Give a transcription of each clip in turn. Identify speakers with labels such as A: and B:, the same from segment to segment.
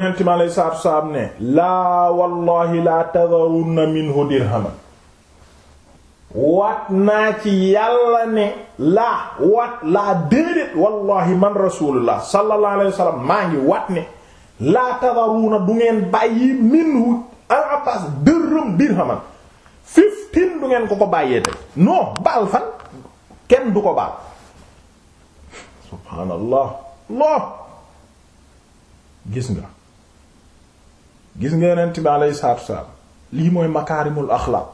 A: yonent mi aleyhi salaatu wallahi laa tadharunna minhu dirhaman waat naa ci yàlla ne laa waat laa déedéet wallahi man rasulullah sallallahu alayhi maa ngi wat ne laa tadharuna du ngeen bàyyi minhu al-Abbaas dërëm dirhaman fifteen du ngeen ko ko bàyyee tey non baal fan kenn du ko baal subhaanallah loo gis nga gis nga yonent bi alayhi salaatu wassalaam lii mooy makaarimul axlaaq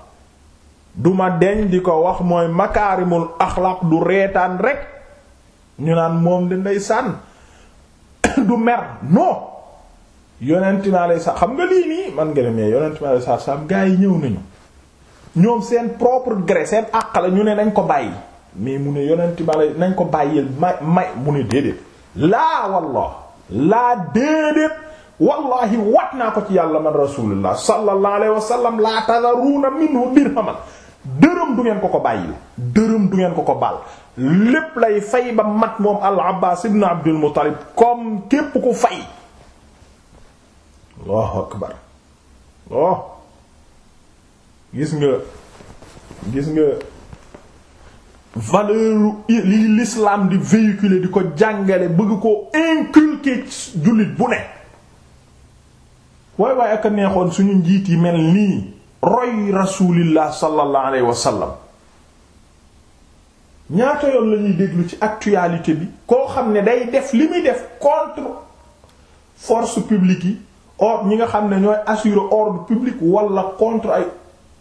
A: duma deñ di ko wax mooy makaarimul axlaaq du reetaan rek ñu naan moom di ndey sànn du mer non yonent bi alayhi salaatu xam nga lii man nga ne mais yonent bi gaa yi ñëw nañu ñoom seen propre gré seen àq ñu ne nañ ko bàyyi mais mu ne yonent bi alayhi nañ ko bàyyil may may mu ne déedéet laa wallah laa déedéet wallahi wat naa ko ci yàlla man rasulullah sallallahu alayhi wa sallam minhu dirhaman dërëm du ngeen ko ko bàyyil dërëm du ngeen ko ko baal lépp lay fay ba mat moom al abbas ibn abdul muttalib comme képp ku fay allahu akbar oh gis nga gis nga valeur li l'islam di véhiculer di ko jàngale bëgg ko inculquer jullit bu ne waay waay ak a neexoon suñu njiit yi mel nii roy rasulillah sallallahu alayhi wa sallam ñaata yoon la ñuy déglu ci actualité bi koo xam ne day def li muy def contre force publique yi or ñi nga xam ne ñooy assure ordre public wala contre ay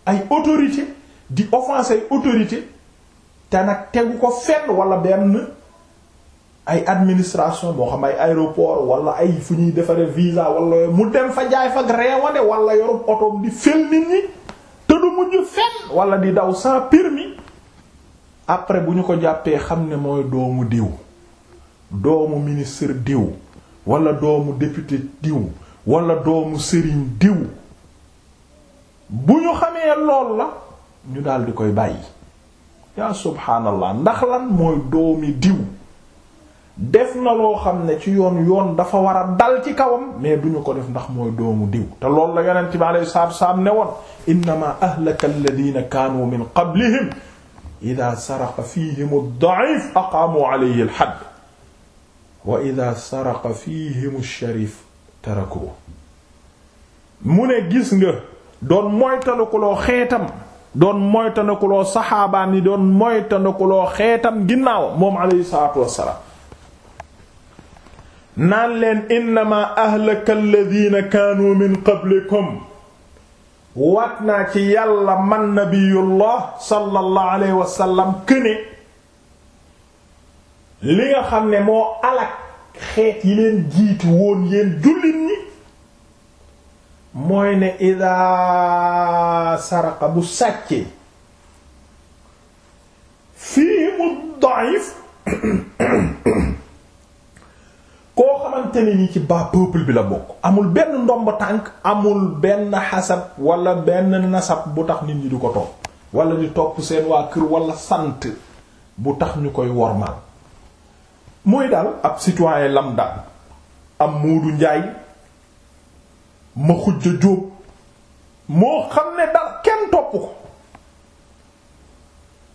A: ay autorité di offenser ay autorité te nag tegu ko fenn wala benn ay administration boo xam ay aéroport wala ay fu ñuy defaree visa wala mu dem fa jaay fa réewande wala yorub otoom di fel nit ñi te du mujj fenn wala di daw sans permis après bu ñu ko jàppee xam ne mooy doomu diw doomu ministre diw wala doomu député diw walla doomu sëriñ diw bu ñu xamee lool la ñu daal di koy bàyyi yaa subhaanallah ndax lan mooy doomi diw def na loo xam ne ci yoon yoon dafa war a dal ci kawam mais duñu ko def ndax mooy doomu diw te lool la yonent bi alayhi salaatu salaam ne woon innama ahlaka alladhina kaanu min qablihim ida saraqa fihim ad-da'if aqaamu alayhi al-hadd wa ida saraqa fihim ash-sharif tarakuhu mu ne gis nga doon moytandikuloo xeetam doon moytandikuloo saxaabaan yi doon moytandikuloo xeetam naan leen innama ahlaka alladhina kaanu min qablikum waat naa ci yàlla man nabiyullah sallallahu alayhi wa sallam këne li nga xam ne moo alak xeet yi leen jiitu woon yéen jullit ñi mooy ne idaa saraqa bu sàccee fii mu da'if koo xamante ne ni ci baa peuple bi la bokk amul benn ndomb tànk amul benn xasab walla benn nasab bu tax nit ñi di ko topp wala di topp seen waa kër walla sant bu tax ñu koy wormal mooy daal ab citoyen lambda am Moodu Njaay ma xujja jóob moo xam ne dal kenn topp ko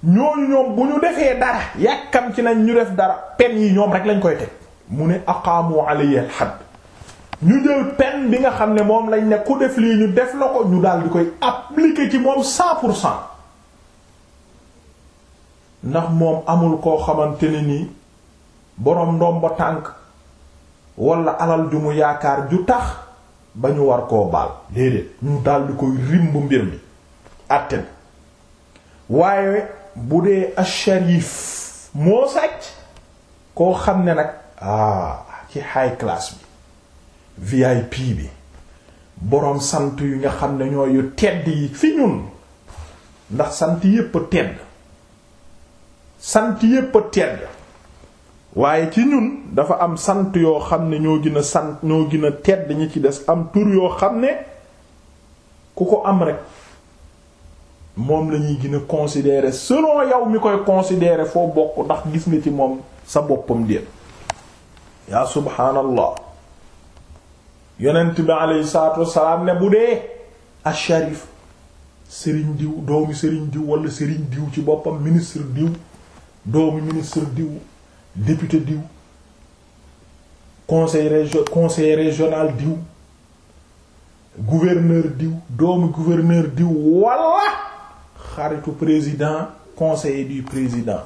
A: ñooñu ñoom bu ñu defee dara yàkkam ci nañ ñu def dara pen yi ñoom rek lañ koy teg mu ne aqaamu alayhi al-hadd ñu jël peine bi nga xam ne moom lañ ne ku def lii ñu def la ko ñu daal di koy appliquer ci moom cent pour cent ndax moom amul koo xamante ne nii boroom ndomba tànk walla alal ju mu yaakaar ju tax ba ñu war koo baal déedéet ñu daal koy rimb mbir mi àtte bi waaye bu dee asharif moo sàcc koo xam ne nag ah ci high class bi VIP bi boroom sant yu nga xam ne ñooy yu tedd yi fi ñun ndax sant yépp a tedd sant yépp a tedd waaye ci ñun dafa am sant yoo xam ne ñoo gin a sant ñoo gin a tedd ñi ci des am tur yoo xam ne ku ko am rek moom la ñuy gën a considérer selon yow mi koy considérer foo bokk ndax gis nga ci moom sa boppam déet yaa subhaanallah yonent bi aleyhi salaatu wassalaam ne bu dee asharif sëriñ diw doomi sëriñ diw walla sëriñ diw ci boppam ministre diw doomi ministre diw député diw conseil région conseil régional diw gouverneur diw doomi gouverneur diw wala xaritu président conseiller di président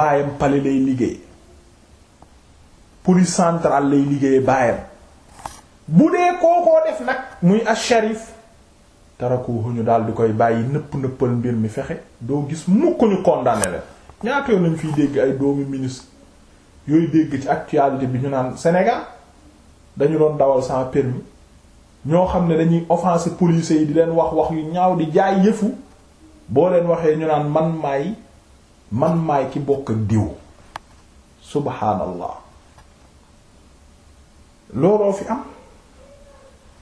A: baayam pale lay liggéey police centrale lay liggéeye baayam bu dee kookoo def nag muy asharif tarakuhu ñu daal di koy bàyyi nëpp nëppal mbir mi fexe doo gis mukk ñu condamné leen ñaatoo nañ fiy dégg ay doomi ministre yooyu dégg ci actualité bi ñu naan Sénégal dañu doon dawal sans permis ñoo xam ne dañuy offenser policiers yi di leen wax wax yu ñaaw di jaay yëfu boo leen waxee ñu naan man maay man maay ki bokk ak diw subhaanallah looloo fi am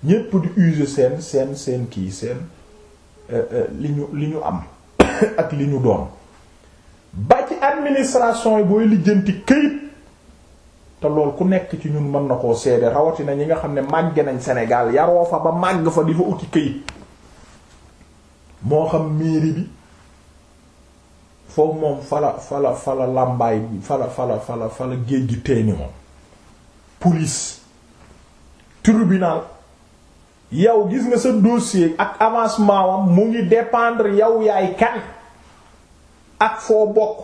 A: ñépp di user seen seen seen kii seen euh, euh, li ñu li ñu am ak li ñu doon ba ci administration yi booy lijjanti këyit te lool ku nekk ci ñun mën na koo seede rawatina ñi nga xam ne màgge nañ senegal yaroo fa ba màgg fa di fa uti këyit moo xam mairie bi foofu moom fala fala fala làmbaay bi fala fala fala fala géej gi teeni moom police tribunal yow gis nga sa dossier ak avancement wam mu ngi dépendre yow yaay kan ak foo bokk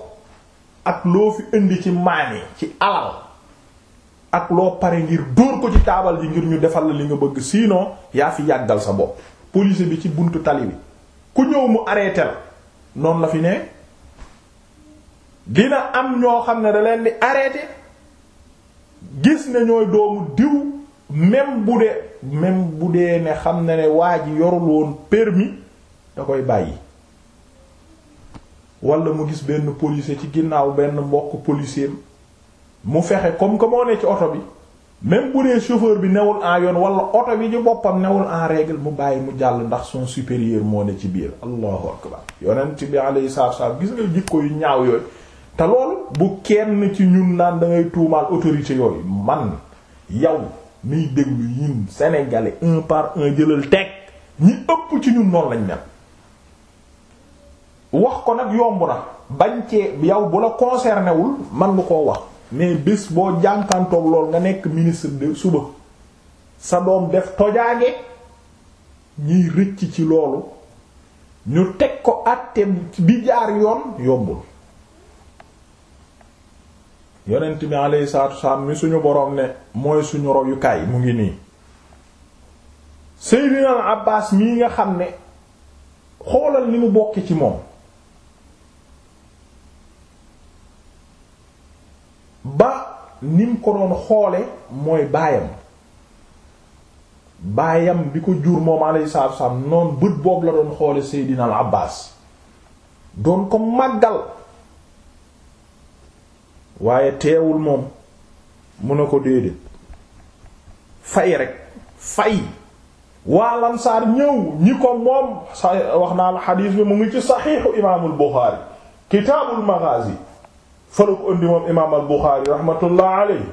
A: ak loo fi indi ci maane ci alal ak loo pare ngir dóor ko ci taabal ji ngir ñu defal la li nga bëgg sinon yaa fi yàggal sa bopp police bi ci buntu tali bi ku ñëw mu arrêté la noonu la fi ne dina am ñoo xam ne da leen di arrêté gis ne ñooy doomu diw même bu dee même bu dee ne xam na ne waa ji yorul woon permis da koy bàyyi wala mu gis benn policier ci ginnaaw benn mbokk policier mu fexe comme que moo ne ci oto bi même bu dee chauffeur bi newul en yoon wala oto bi ci boppam newul en règle mu bàyyi mu jàll ndax son supérieur moo ne ci biir allahu akbar yonent bi alayhi salaatu salaam gis nga jikko yu ñaaw yooyu te loolu bu kenn ci ñun naan da ngay tuumaal autorité yooyu man miy déglu ñun sénégalais un par un jëlal teg ñi ëpp ci ñun noonu lañ mel wax ko nag yomb na bañ cee yow bu la concerné wul man nga ko wax mais bés boo jànkantoog lool nga nekk ministre de suba sa doom def tojaange ñiy rëcc ci loolu ñu teg ko àtte bi jaar yoon yombul yonent bi alayhi salaatu wasalaam suñu boroom ne mooy suñu royukaay mu ngi nii Seydina Abbaas mii nga xam ne xoolal ni mu bokki ci moom ba ni mu ko doon xoole mooy baayam baayam bi ko jur moom alayhi salaatu wasalaam bët boobu la doon xoole Seydina Abbaas doon ko màggal waaye teewul moom mu ne ko déedéet fay fay waa lansaar ñëw ñi ko moom wax naa la xadiis bi mu ngi ci saxiixu imaamul Buxaari kitaabul Maghaazi fële ko indi moom imaamal Buxaari rahmatullah aleyhi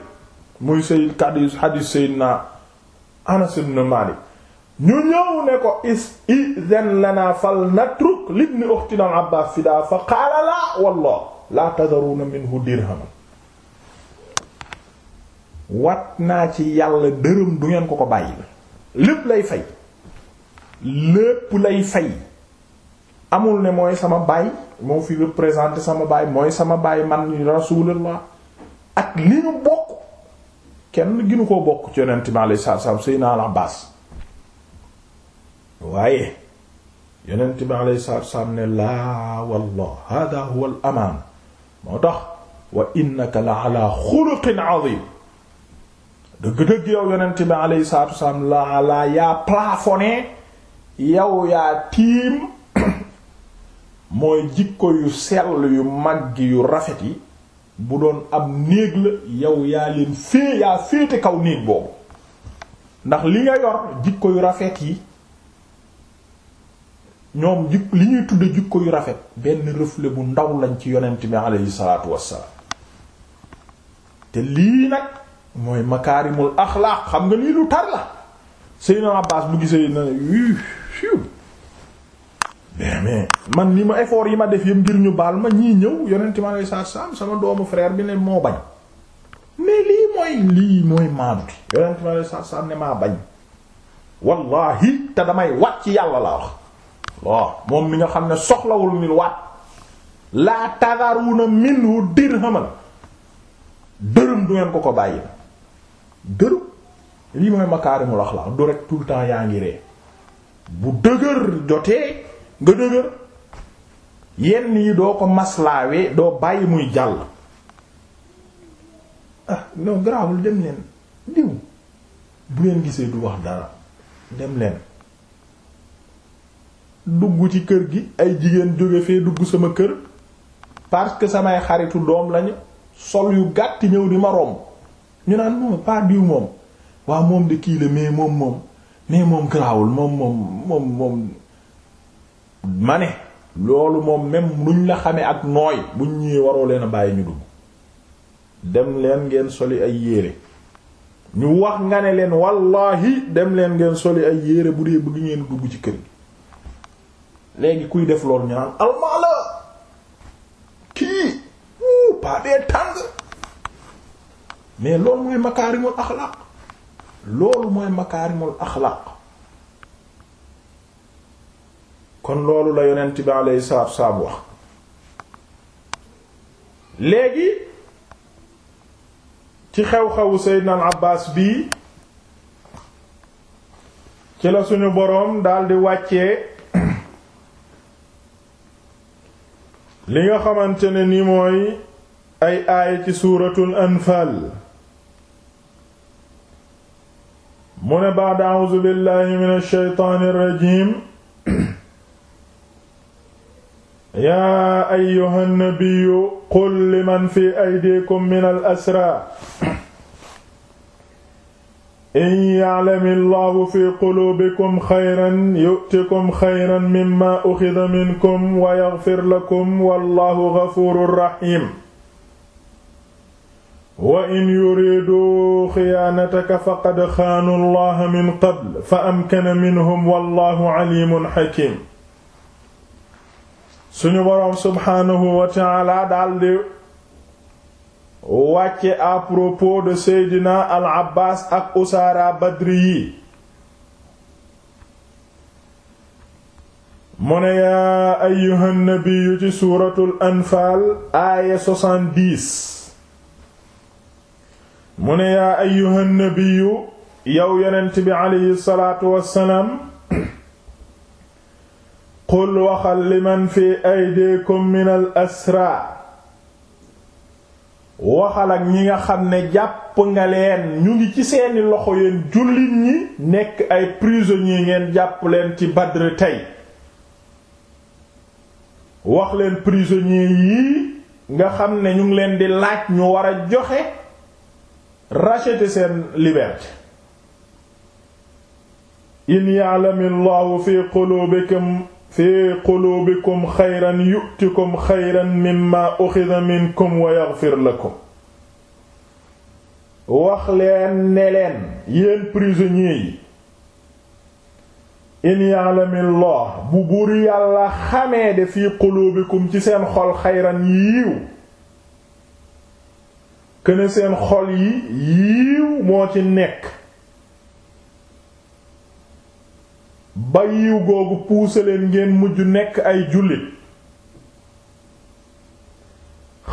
A: muy say xadiis xadiis lana fal natruk libni uxtina al Abbaas fidaa fa qaala laa wallah laa tadaruuna minhu dirhaman wat naa ci yàlla dërëm du ngeen ko ko bàyyil lépp lay fay lépp lay fay amul ne mooy sama baay moo fi représenté sama baay mooy sama baay man rasulullah ak li ñu bokk kenn ginu koo bokk ci yonent bi alayhi salaatu salaam Seydina Al-Abbaas waaye yonent bi alayhi salaatu salaam ne laa wallah hada huwa al-amaan moo tax wa innaka la ala xuluqin azim dëgg-dëgg yow yonent bi alayhi salaatu wasalaam la laa yaa plafonné yow yaa tiim mooy jikko yu sell yu màgg yu rafet yi bu doon ab néeg la yow yaa leen fee yaa féete kaw néeg boobu ndax li nga yor jikko yu rafet yi ñoom jik li ñuy tudd jikko yu rafet benn reflet bu ndaw lañ ci yonent bi alayhi salaatu wasalaam te lii nag mooy makaarimul axlaaq xam nga lii lu tar la Seydina Abbaas bu gisee na yu mais man lii ma effort yi ma def yëpp ngir ñu baal ma ñii ñëw yonenti ma lay saa saam sama doomu frère bi ne moo bañ mais lii mooy lii mooy maandu yonenti ma lay saa saam ne maa bañ wallahi te damay wat ci yàlla la wax waaw moom mi nga xam ne soxlawul ni waat laa tagaruna minhu dirhaman dërëm du ngeen ko ko bàyyi dëru lii mooy makaarimul axlaaq du rek tout le temps yaa ngi ree bu dëgër jotee nga dëgër yenn yi doo ko maslaawee doo bàyyi muy jàll ah non garaawul dem diw bu ngeen gisee du wax dara dem leen dugg ci kër gi ay jigéen jóge fee dugg sama kër parce que samay xaritu doom lañu sol yu gàtt ñëw di ma romb ñu naan moom pas diw moom waaw moom de kii la mais moom moom mais moom garaawul moom moom moom moom ma ne loolu moom même nuñ la xamee ak nooy buñ ñëwee waroo leen a bàyyi ñu dugg dem leen ngeen soli ay yére ñu wax nga ne leen wallahi dem leen ngeen soli ay yére bu dee bëgg ngeen dugg ci kër gi léegi kuy def loolu ñu naan almaa la kii wuu paadee tàng mais loolu mooy makaarimul axlaaq loolu mooy makaarimul axlaaq kon loolu la yonent bi alayhi salaatu wassalaam wax léegi ci xew-xewu Seydina al Abbaas bii ci la suñu boroom daldi wàccee li nga xamante ne ni mooy ay aaya ci suuratul anfaal mu ne baad a'uuzu billahi min ash-shaytaani rajiim yaa ayyuha nabiyyu qul liman fi aydikum min al-asraa in ya'lami llahu fi quluubikum xayran yu'tikum xayran mimmaa uxida minkum wa yaghfir lakum wallaahu gafuurun rahiim wa in yuridu xiyaanataka faqad xaanu llaha min qabl fa amkana minhum wallahu alimun xakim suñu boroom wa taala daldi wàcce à de seydina al abbas ak usaara badri yi mu ne yaa ayyuhan nabiyyu anfaal aaya mu ne yaa ayyuhan nabiyyu yow yonent bi aleyhi salaatu wassalaam qul waxal li fi aydikum min al asra waxal ak ñi nga xam ne jàpp nga leen ñu ngi ci seeni loxo yeen jullit ñi nekk ay prisonniers ngeen jàpp leen ci Badr tey wax leen prisonniers yii nga xam ne ñu ngi leen di laaj ñu war a joxe racheter seen liberté in ya'lamu llahu fi qulubikum fi qulubikum xayran yu'tikum xayran mimma ukhidha minkum wa yaghfir lakum wax leen ne leen yi in ya'lamu bu buur yàlla xamee de fi qulubikum ci seen xol xayran yiiw këne seen xol yi yiiw moo ci nekk ba yiw googu puusaleen ngeen mujj nekk ay jullit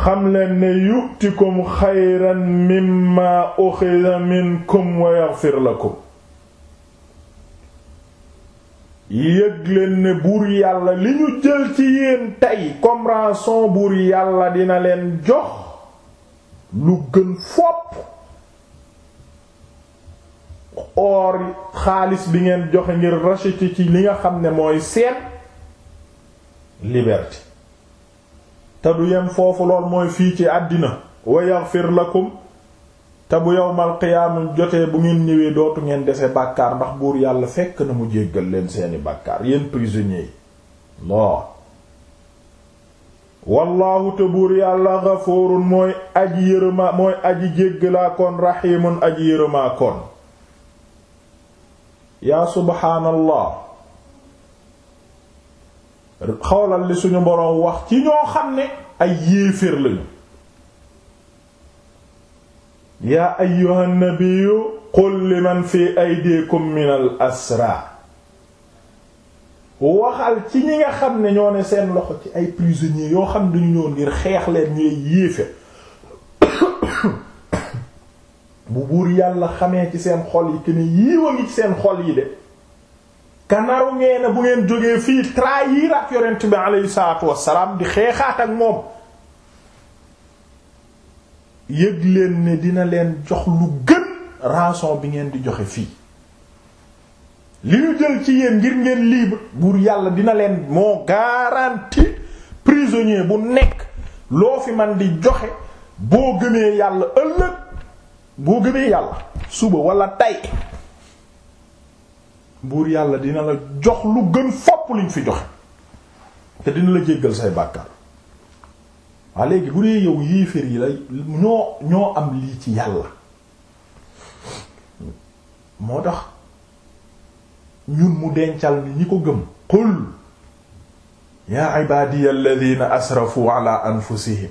A: xam leen ne yu'tikum xayran mimma ukhidha minkum wa yaghfir lakum yëg leen ne buur yàlla li ñu jël ci yéen tey comme rançon buur yàlla dina leen jox lu gën fopp or xaalis bi ngeen joxe ngir racheter ci li nga xam ne mooy seen liberté te du yem foofu lool mooy fii ci àddina wa yaghfir te bu yowmal qiyaama jotee bu ngeen ñëwee dootu ngeen dese bàkkaar ndax buur yàlla fekk na mu jéggal leen seeni bàkkaar yéen prisonniers yi non wallaahu buur yàlla gafuurun mooy aji yërëmaa mooy aji jéggalaa koon raxiimun aji yaa subhaanallah xawlal li suñu boroom wax ci ñoo xam ne ay yéeféer lañu yaa ayyuhan nabiyyu qul liman fi aydikum minal asraa waxal ci ñi nga xam ne ñoo ne seen loxo ci ay prisonniers yoo xam ne dañu ñëw ngir xeex leen ñuy yéefe bu buur yàlla xamee ci seen xol yi que ne yiiwa ngi ci seen xol yi de kanaru ngeen na bu ngeen jógee fii trahir ak yonent bi aleyhi salaatu wassalaam di xeexaat ak moom yëg leen ne dina leen jox lu gën rançon bi ngeen di joxe fii li ñu jël ci yéen ngir ngeen libre buur yàlla dina leen moo garanti prisonnier bu nekk loo fi man di joxe boo gëmee yàlla ëllëg boo gëmee yàlla suba walla tay buur yàlla dina la jox lu gën fopp liñ fi joxe te dina la jéggal say bàkkaar waa léegi bu dee yow yéeféer yi la ñoo ñoo am lii ci yàlla moo tax ñun mu dencal ni ñi ko gëm qul yaa ibadiya alladhina asrafu ala anfusihim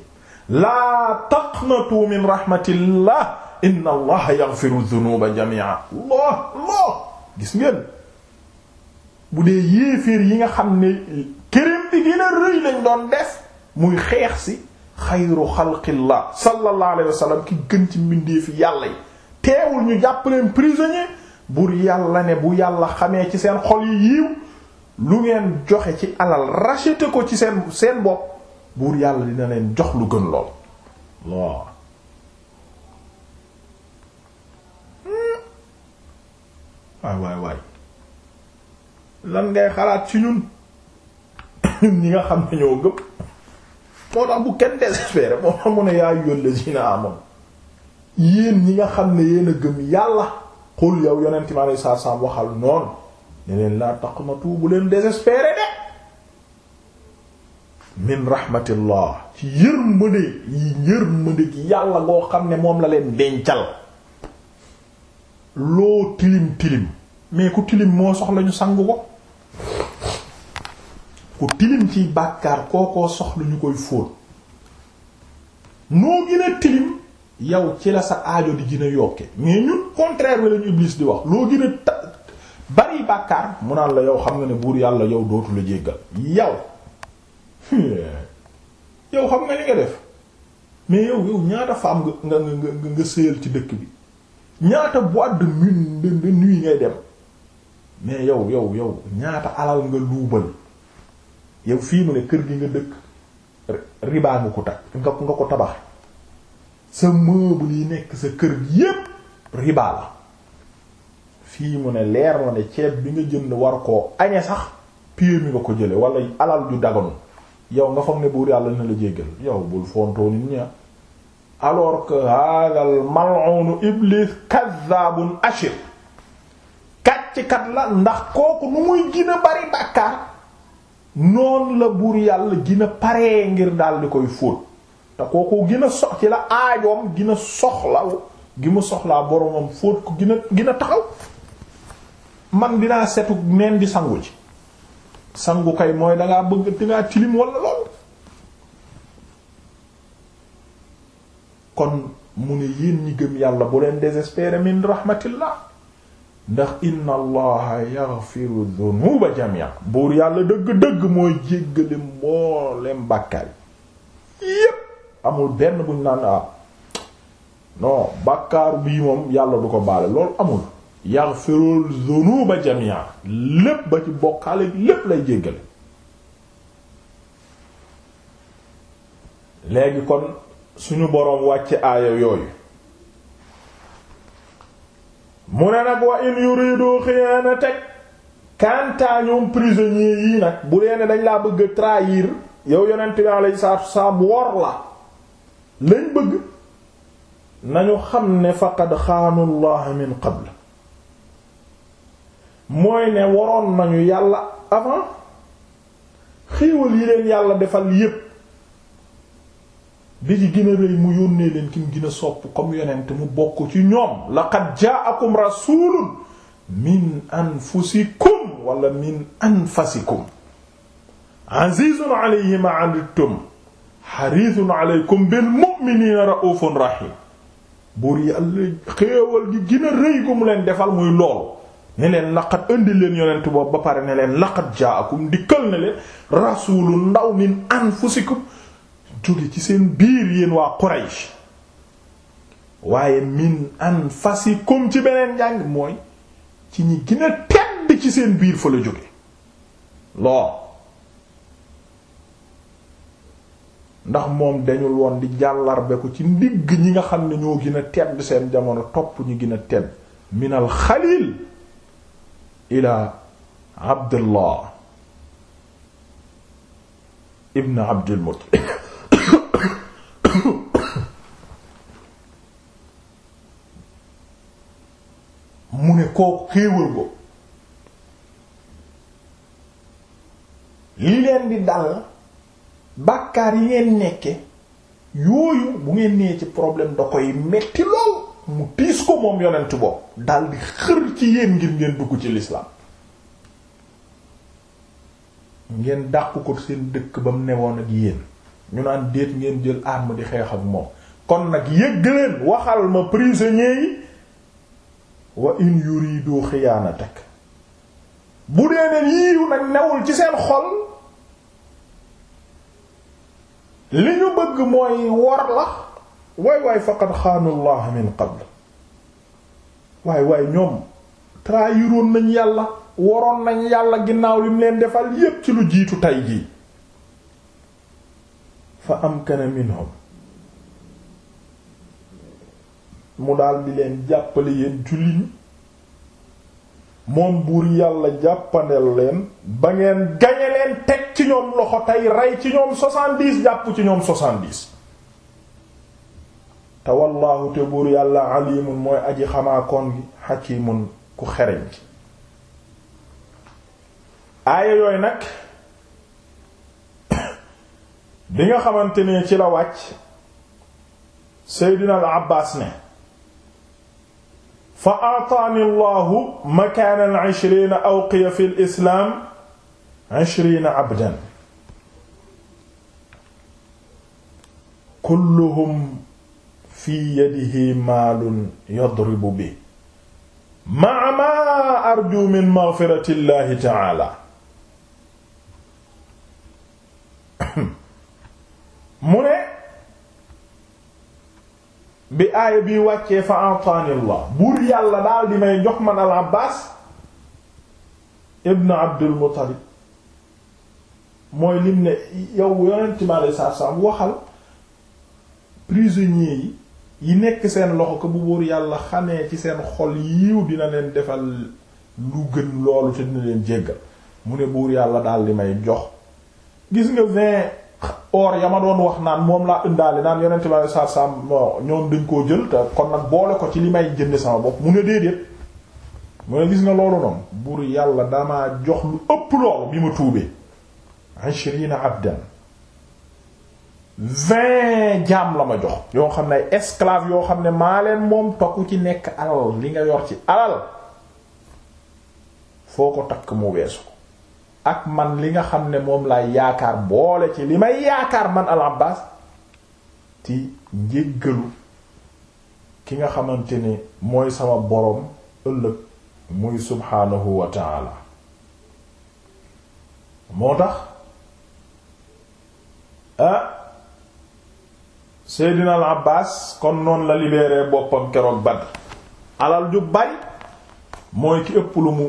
A: laa taqnatu min rahmatillah inna allaha allah allah gis ngeen bu dee yéeféer yi nga xam ne kërim bi gën a rëy lañ doon def muy xeex si xayru xalqillah sallallahu alayhi wa sallam ki gën ci mbindeefi yàlla yi teewul ñu jàpp leen prisonnier buur yàlla ne bu yàlla xamee ci seen xol yi yiiw lu ngeen joxe ci alal racheter ko ci seen seen bopp buur yàlla dina leen jox lu gën lool hmm. waaw waay waay lan ngay xalaat ci ñun ñun ñi nga xam ne ñoo gëm moo tax bu kenn désespéré moo tax mu ne yaa ayyuhal lazina amanu yéen ñi nga xam ne yéen gëm yàlla xul yow yonent mi alei saatu salaam waxal noonu ne leen laa taqnatu bu leen désespéré de min rahmatillah ci yërmande yi yërmande gi yàlla ngoo xam ne moom la leen dencal loo tilim tilim mais ku tilim moo soxla ñu sang ko ku tilim ciy bàkkaar kookoo soxla ñu koy fóot noo gën a tilim yow ci la sa aajo di gën a yokke mais ñun contraire bi lañu Iblis di wax loo gën a ta bari bàkkaar mu naan la yow xam nga ne buur yàlla yow dootu la jéggal yow yow xam nga li nga def mais yow yow ñaata femme nga ci dëkk bi ñaata boîte de nuit dem mais yow yow yow ñaata alal nga luubal yow fii mu ne kër gi nga dëkk ribaa nga ko takk nga nga ko tabax sa meuble yi nekk sa kër gi yépp riba la fii mu ne leer na ne ceeb bi nga jënd war koo añe sax piir mi nga ko jële wala alal ju daganu yow nga foog ne buur yàlla na la jéggal yow bul fontoo nit ña ah. alors que hadal mal'un ashir kàccikat la ndax kooku nu muy gina bari bàkkaar noonu la buur yàlla gina paree ngir daal di koy fóot te kooku gën a sox ci la aajoom gën soxla gi mu soxlaa boromam fóot ko gën a taxaw man dinaa setu neen di sangu ci sangu kay mooy dangaa bëgg dangaa tilim wala lool kon mu ne yéen ñi gëm yàlla bu leen désespérer min rahmatillah ndax inna allaha yaghfiru dhunuba jami'a buur yàlla dëgg-dëgg mooy jéggale mboolem bàkkaar yépp amul benn buñ naan ah non bàkkaaru bii moom yàlla du ko baale loolu amul yaghfirul dhunuba jami'a lépp ba ci bokkaale lépp lay jéggale léegi kon suñu boroom wàcc aaya yooyu mu ne nag wa in yuridu xiyaanatak kantaa ñoom prisonniers yii nag bu dee dañ laa bëgg trahir yow yonent bi alayhi salaatu wa wor la lañ bëgg nañu xam ne faqad xaanu llaha min qabl mooy ne waroon nañu yàlla avant xéewal yi leen yàlla defal yépp bi ci gën a rëy mu yónnee leen ki mu sopp comme yonent mu bokk ci ñoom laqad ja'akum rasulun min anfusikum wala min anfasikum azizun alayhi ma anittum alaykum bil mu'miniina ra'uufun rahiim buur yàlla xéewal gi gën rëy gu mu leen defal muy loolu ne leen indi leen yonent boobu ba pare ne leen laqat jaakum dikkal ne rasuulu ndaw min anfusikum jóge ci seen biir yéen waa Quraysh waaye min anfasikum ci beneen njàng mooy ci ñi gën tedd ci seen biir fa la jóge lool ndax moom dañul woon di jàllarbe ci ndigg ñi nga xam ne ñoo gën a tedd seen jamono topp ñu gën a tedd minal xalil ila abdullah ibn abdul muttalib mu ne kooku xéewal ko li leen di dal bàkkaar yi ngeen nekke yooyu bu ngeen nee ci problème da koy metti lool mu tiis ko moom yonent bopp dal di ci yéen ngir ngeen dugg ci lislaam ngeen dàq ko seen dëkk ba mu newoon ak yéen ñu naan déet ngeen jël ma di xeex ak moom kon nag yëgg leen waxal ma prisonnier yi wa in yuridu xiyaanatak bu dee ne yiiw nag newul ci seen xol li ñu bëgg mooy wor la waay waay faqad xaanu Allah min qabl waay waay ñoom trahiroon nañ yàlla waroon nañ yàlla ginnaaw li mu leen defal yépp ci lu jiitu tay jii fa amkana minhum mu daal di leen jàppale yeen jullit moom buur yàlla jàppandeel leen ba ngeen gañe leen teg ci ñoom loxo tey rey ci ñoom soixante-dix jàpp ci ñoom soixante-dix te wallaahu te buur yàlla alimun mooy aji xamaakoon gi xakimun ku xereñ gi aaya yooyu nag bi nga xamante ne ci la wàcc Seydina al Abbaas ne fa ataani allahu makaanan ishrina awqiya fi lislaam ishrina abdan kulluhum fi yadihi maalun yadribu bi maa maa arju min magfirati llahi taala mu ne bi aaya bi wàccee fa antaanillah buur yàlla daal di may jox man al abbaas ibn abdul muttalib mooy lim ne yow yonent mi aleyhi salaatu salaam waxal prisonniers yi yi nekk seen loxo ko bu buur yàlla xamee ci seen xol yiw dina leen defal lu gën loolu te dina leen jéggal mu ne buur yàlla daal di may jox gis nga vingt or ya ma doon wax naan moom laa ëndaale naan yonent bi saa saa ñoom dañ koo jël te kon nag boole ko ci li may jënd sama bopp mu ne déedéet mu ne gis nga loolu noonu buur yàlla damaa jox lu ëpp loolu bi ma tuubee ishrina abdan vingt jaam la ma jox yoo xam ne ay esclave yoo xam ne maa leen moom tokku ci nekk alal li nga yor ci alal foo ko takk mu weesu ko ak man li nga xam ne moom laay yaakaar boole ci li may yaakaar man al abbas ci njéggalu ki nga xamante ni mooy sama boroom ëllëg muy subhaanahu wa taala moo tax ah Seydina al Abbas kon noonu la libéré boppam keroog Badr alal ju bari mooy ki ëpp lu mu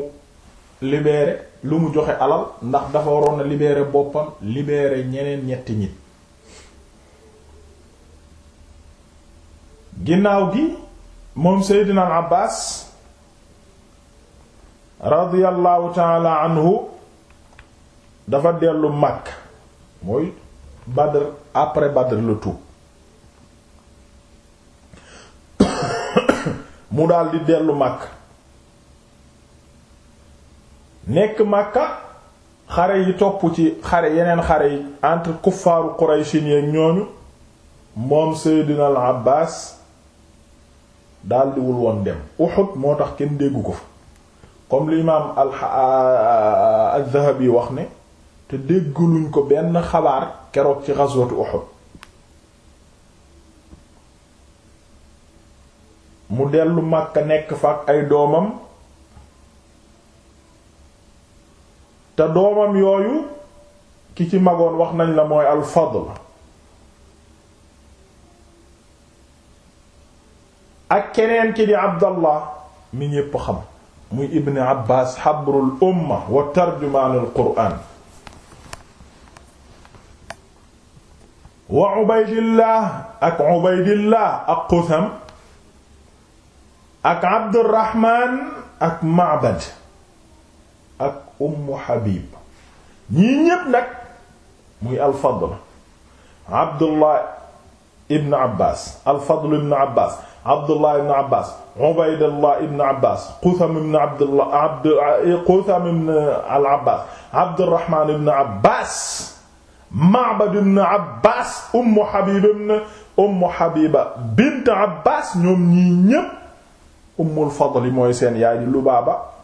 A: libéré lu mu joxe alal ndax dafa waroon a libérer boppam libérer ñeneen ñetti nit ginnaaw gi moom Seydina al Abbaas radiyallahu taala dafa dellu Makka mooy Badr après Badr le tout mu daal di dellu Makka nekk Makka xare yi topp ci xare yeneen xare yi entre kuffaaru Qurayshin yeeg ñooñu moom Seydina al Abbaas daldiwul woon dem Uhud moo tax kenn déggu ko fa comme l'imam al-Dhahabi wax ne te dégguluñ ko benn xabaar keroog ci ghazwatu Uhud mu dellu màkka nekk fa ak ay doomam te doomam yooyu ki ci magoon wax nañ la mooy al-Fadl ak keneen ki di Abdallah mi ñépp xam muy Ibn Abbas xabrul umma wa tarjumaanul qur'aan wa Ubaydillah ak Ubaydillah ak Qutham ak Abdurrahman ak Ma'bad ummu Habib ñii ñépp nag muy al-Fadl Abdullah ibn Abbas al-Fadl ibn Abbas Abdullah ibn Abbas Ubaydullah ibn Abbas Qutham ibn Abdullah Abd Qutham ibn al-Abbas Abdurrahman ibn Abbas Ma'bad ibn Abbas Ummu Habiba ibn Ummu Habiba bint Abbas ñoom ñii ñépp Ummul Fadl mooy seen yaay di Lubaaba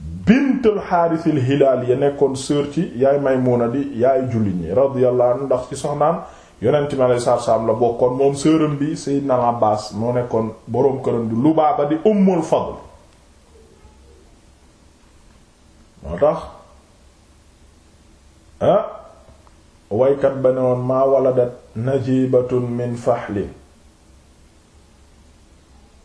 A: bintul xaarisil hilaal ya nekkoon sœur ci yaay Maymuna di yaay jullit ñi radiyallahu anhu ndax ci soxnaam yonent mi alayhi salaatu salaam la bokkoon moom sœuram bi Seydina Abbaas moo nekkoon boroom këram di Lubaaba di Ummul Fadl moo tax ah, waykat ba ne woon maa waladat najibatun min fahlin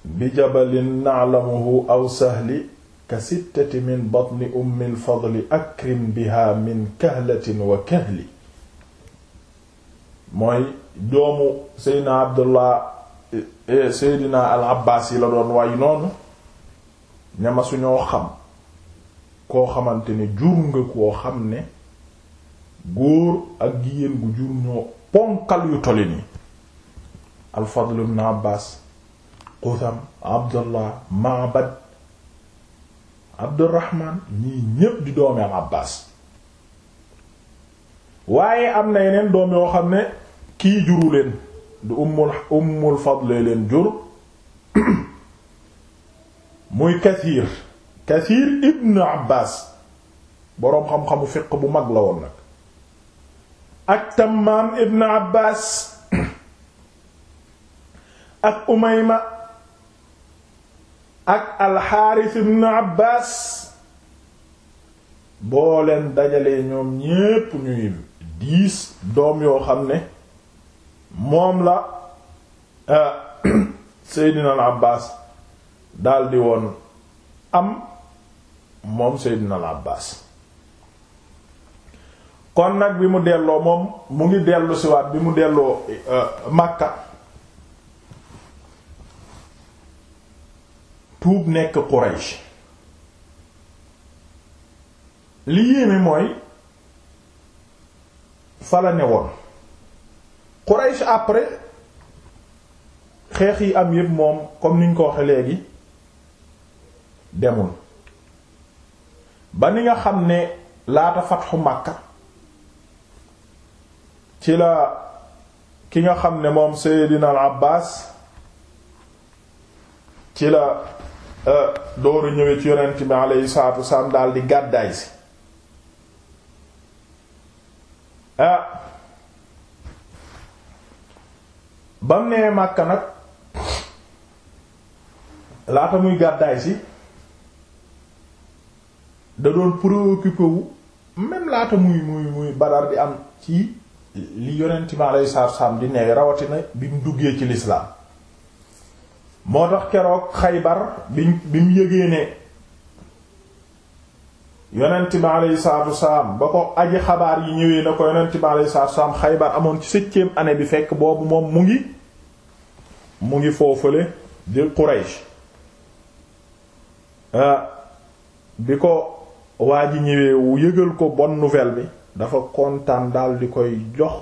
A: bi jabalin na'lamuhu aw sahli ka sittati min batni ummi alfadli akrim biha min kahlatin wa kahli mooy doomu seydina abdullah eh, eh, seydina al abbaas yi la doon waay noonu ñama suñoo xam koo xamante ni jur nga koo xam ne góor ak jigéen gu jur ñoo ponkal yu tolli nii al fadl ibn abbaas qutham abdullah ma'bad abdurrahman ñii ñépp di doomi am abbas waaye am na yeneen doom yoo xam ne kii juru leen du ummul ummul fadle leen jur muy kathir kathir ibnu abbas boroom xam-xamu fiq bu mag la woon nag ak tammaam ibnu abbas ak umayma ak alxaaris ibn Abbas boo leen dajalee ñoom ñépp ñuy dix doom yoo xam ne moom la euh, Seydina al Abbas daldi woon am moom Seydina al Abbas kon nag bi mu delloo moom mu ngi dellu siwaat bi mu delloo euh, Makka tuub nekk Quraysh li yéeme mooy fala ne woon Quraysh après xeex yi am yépp moom comme niñ ko waxe léegi demul ba ni nga xam ne laata fatxu Makka ci la ki nga xam ne moom Seydina al Abbaas ci la Euh, dooru ñëwee ci yonent bi alayhi salaatu wasalaam daal di gàddaay si ah ba nee Màkka nag laata muy gàddaay si da doon préoccupé wu même laata muy muy muy Badar bi am ci li yonent bi alayhi salaatu wasalaam di neewe rawatina bi mu duggee ci lislaam moo tax keroog xaybar bi bi mu yëgee ne yonent bi aleyhi salaatu wasalaam ba ko aji xabaar yi ñëwee na ko yonent bi aleyhi salaatu wasalaam xaybar amoon ci septième année bi fekk boobu moom mu ngi mu ngi foofale di Quraysh euh, bi ko waa ji ñëwee wu yëgal ko bonne nouvelle bi dafa kontaan dal di koy jox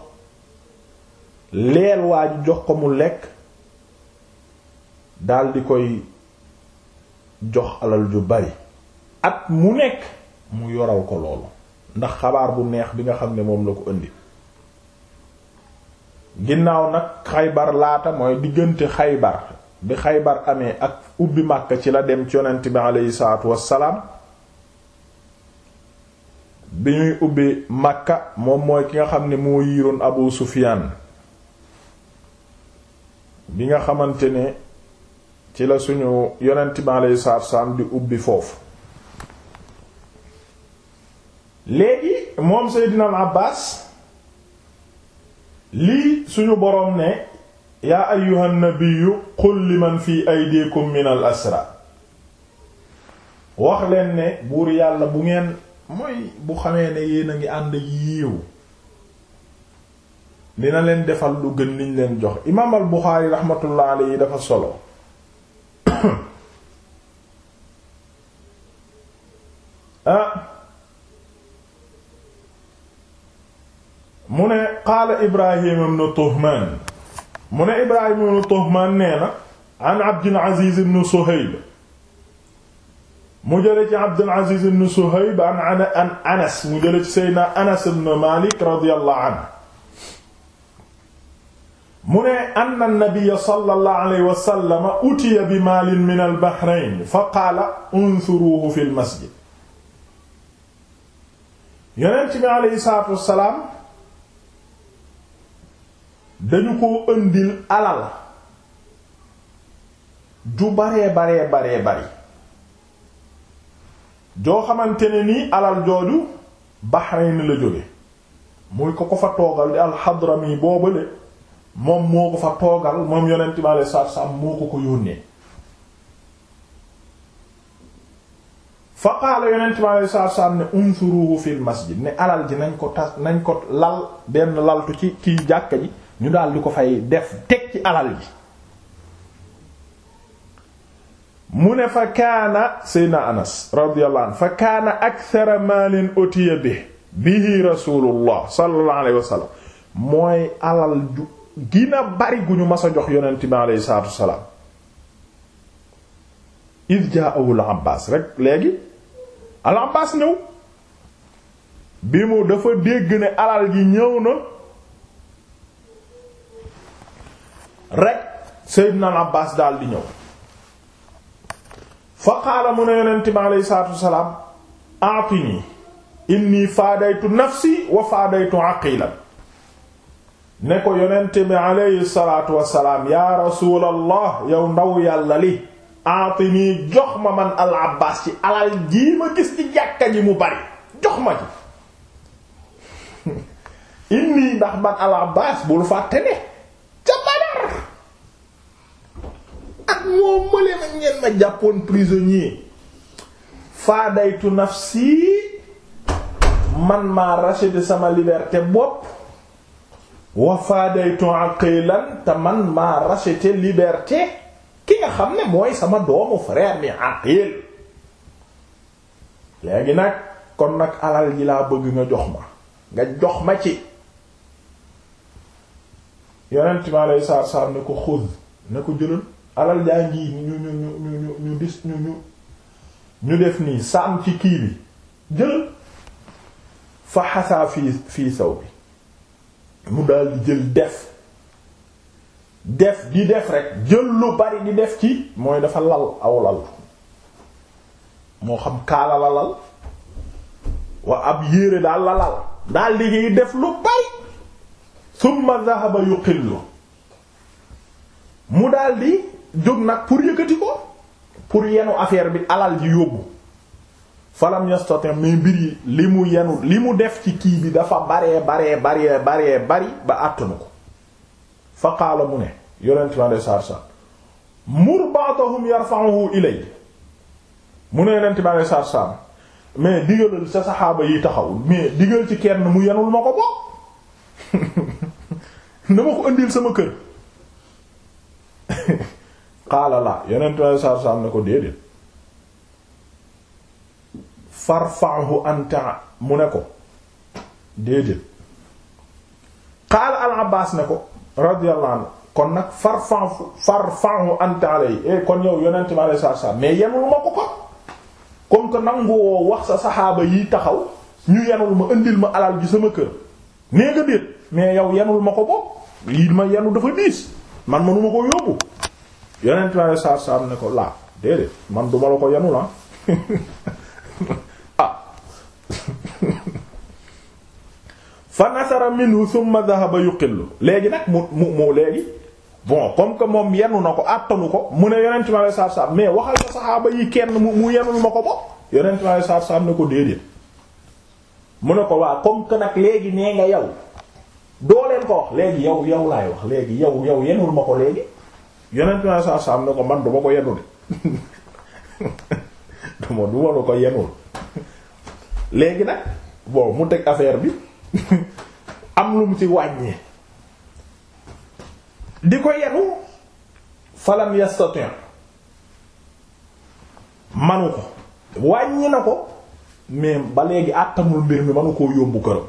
A: leel waa ji jox ko mu lekk dal di koy jox alal ju bari at mu nekk mu yoral ko loolu ndax xabaar bu neex bi nga xam ne moom la ko indi ginnaaw nag xaybar laata mooy diggante xaybar bi xaybar amee ak ubbi makka ci la dem ci yonent bi aleyhi salaatu wassalaam bi ñuy ubbi màkka moom mooy ki nga xam ne moo yiiroon abu sufiyaan bi nga xamante ne ci la suñu yonent bi aleyhi salaatu di ubbi foofu léegi moom Seydina al Abbaas lii suñu boroom ne yaa ayyuhan nabiyyu qul man fi ay min al asra wax leen ne buur yàlla bu ngeen mooy bu xamee ne yéen a ngi ànd yiiw dina leen defal lu gën liñ leen jox imaam al Buxaari raxmatullaahi yi dafa solo ah mu ne qaala Ibrahim ibn Tuhman mu ne Ibrahim ibn Tuhman nee na an Abdul Aziz ibn Suhayb mu jële ci Abdul Aziz ibn Suhayb an an Anas mu jële ci Seydina Anas ibn Malik radiyallahu anhu mu ne anna an-nabiyya sallallahu alayhi wa sallam utiya bi maalin min al-Bahrayn fa qaala unsuruuhu fil masjid yonent bi aleyhi salaatu wassalaam dañu ko ëndil alal ju baree baree baree bari joo xamante ni nii alal jooju Bahrain la jóge muy ko ko fa toogal di alxadrami boobale moom moo ko fa toogal moom yonent bi aleyhi salaatu wassalaam moo ko ko yónnee fa qaala yonent bi alayhi salaatu salaam ne unsuruhu fil masjid ne alal ji nañ ko tas nañ ko lal benn laltu ci kii jàkka ji ñu daal di ko fay def teg ci alal ji mu ne fa kaana seydna anas radiyallahu anhu fa kaana akthara maalin utiya bi bihi rasulullah sallallahu alal ju gina bari gu ñu mas a jox yonent bi sa salaatu salaam id jaa awul abbas rek léegi al Abbaas bi mu dafa dégg ne alal ji ñëw na rek Seydina al Abbaas daal di ñëw fa qaala mu ne yonent bi aleyhi salaatu wasalaam a'tini inni faadaytu nafsi wa faadaytu aqilan ne ko yonent bi aleyhi salaatu wasalaam yaa rasuulallah yow ndaw yàlla li atini jox ma man al ci alal jii ma gis ci jàkka ji mu bari jox ma ci inni ndax man al bul fàtte ne ca Badar ak moo mële ma ngeen ma jàppoon prisonnier faadaytu nafsi man maa racheté sama liberté bopp wa faadaytu aqilan te man maa racheté liberté ki nga xam ne mooy sama doomu frère mi Aqil léegi nag kon nag alal ji laa bëgg nga jox ma nga jox ma ci yonent mi aleyhi salaatu salaam ne ko xóot ne ko jëlal alal jaa ngi ñu ñu ñu ñu ñu ñu ñu def nii saam ci kii bi jël fa xasaa fii fii saw bi mu daal di jël def def di def rek jël lu bari di def ci mooy dafa lal aw lal moo xam kaala la lal wa ab yére daal la lal daal di def lu bari summa dhahaba yuqillu mu daldi di jóg nag pour yëkkati ko pour yenu affaire bi alal ji yóbbu falam yastati mais mbir yi li mu yenu li mu def ci kii bi dafa baree baree baree baree bari ba àttanu ko fa qaala mu ne yonent mi alei satu salam mur ba'dahum yarfa'uhu ilay mu ne yonent mi alei satu salam mais digalal sa saxaaba yi taxawul mais digal ci kenn mu yenul ma ko bokk na ma ko indil sama kër qaala la yonent mi alei satu ne ko déedéet farfa'hu anta mu ne ko déedéet qaala al-Abbaas ne ko radiyallahu anhu kon nag farfan farfanu anta alay eh kon yow yonent mi alay saa mais yenul ma ko ko comme que nanguwoo wax sa saxaaba yi taxaw ñu yenul ma indil ma alal ji sama kër nee nga mais yow yenul ma ko bopp yi ma yenu dafa diis man manuma ko yóbbu yonent mi alay saa ne ko laa déedéet man duma la ko yenu ah. la fa nasara minhu thumma dhahaba yuqillu léegi nag mu mu mu léegi bon comme que moom yenu na ko àttanu ko mu ne yonent ma lay saab mais waxal sa saxaaba yi kenn mu yenul ma ko bopp yonent ma lay saab ne ko déedéet mu ne ko waa comme que nag léegi nee nga yow doo leen ko wax léegi yow yow laay wax léegi yow yow yenul ma ko léegi yonent ma lay ne ko man duma ko yenu de duma duma lu ko yenul léegi nag bon mu teg affaire bi am lu mu ci wàññi di ko yenu falam yastatin manu ko wàññi na ko mais ba léegi àttamul mbir mi manu koo yóbbu këram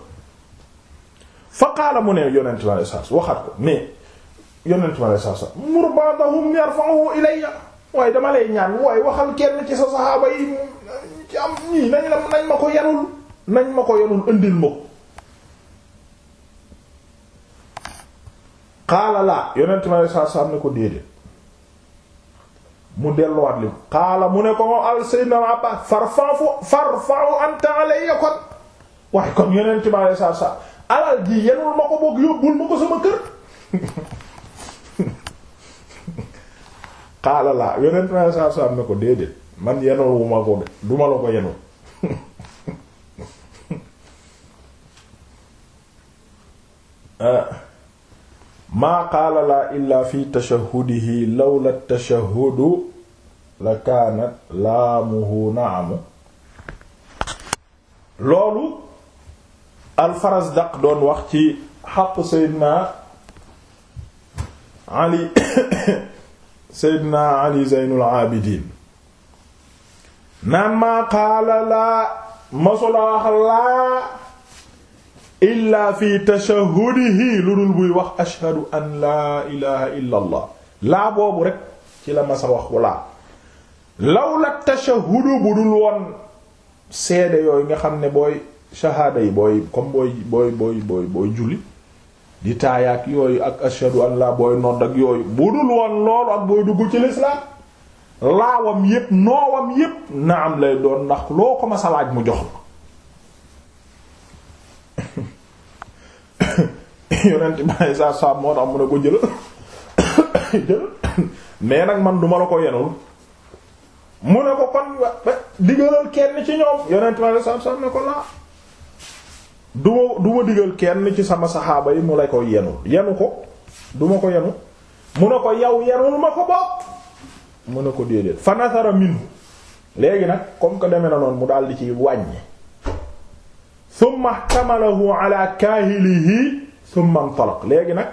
A: fa qaala mu ne yonent ma lay saas waxaat ko mais yonent ma lay saas murbaadahum yarfa'uhu ilayya waaye dama lay ñaan waaye waxal kenn ci sa saxaaba yi ci am ñii nañ la ma ko yanul nañ ma ko yanul ëndil ma xaala laa yonent ma ne saasaam ne ko déedéet mu delluwaat lim xaala mu ne ko moom al sayyidna Abbaas farfa'u farfa'u anta alayya kon waaye kon yonent ma ne saasaam alal ji yenul ma ko boog yóbbul ma ko sama kër xaala yonent ma ne saasaam ne ko déedéet man yenul wu ma ko de duma la ko yenul ah eh, maa qaala laa illaa fi tashahudihi lawla tashahudu la kaanat laamuhu naamu loolu alfarasdaq doon wax ci xaq seydna ali seydna ali zeynul aabidiin naan maa qaala laa masulaa wax laa illaa fi tashahudihi lu dul buy wax ashhadu an laa ilaha illa laa boobu rek ci la masa wax walaa lawla tashahudu bu dul woon seede yooyu nga xam ne booy shahaada yi booy comme booy booy booy booy booy julli di taayaat yooyu ak ashhadu an laa booy nodd ak yooyu bu dul woon loolu ak booy dugg ci lislaam laawam yépp noowam yépp naam lay doon ndax loo ko masa mu jox la yonent bàyyi saa saa moo tax mu ne ko jëlal jëlal mais nag man duma la ko yenul mu ne ko kon digalal kenn ci ñoom yonent bàyyi saa saa ne ko laa duma duma digal kenn ci sama saxaaba yi mu la ko yenul yenu ko duma ko yenu mu ne ko yow yenul ma ko bopp mu ne ko déedéet fa nasara minhu léegi nag comme que demee na noonu mu daal di ci wàññi summa htamalahu ala kaahilihi summa ntalaq léegi nag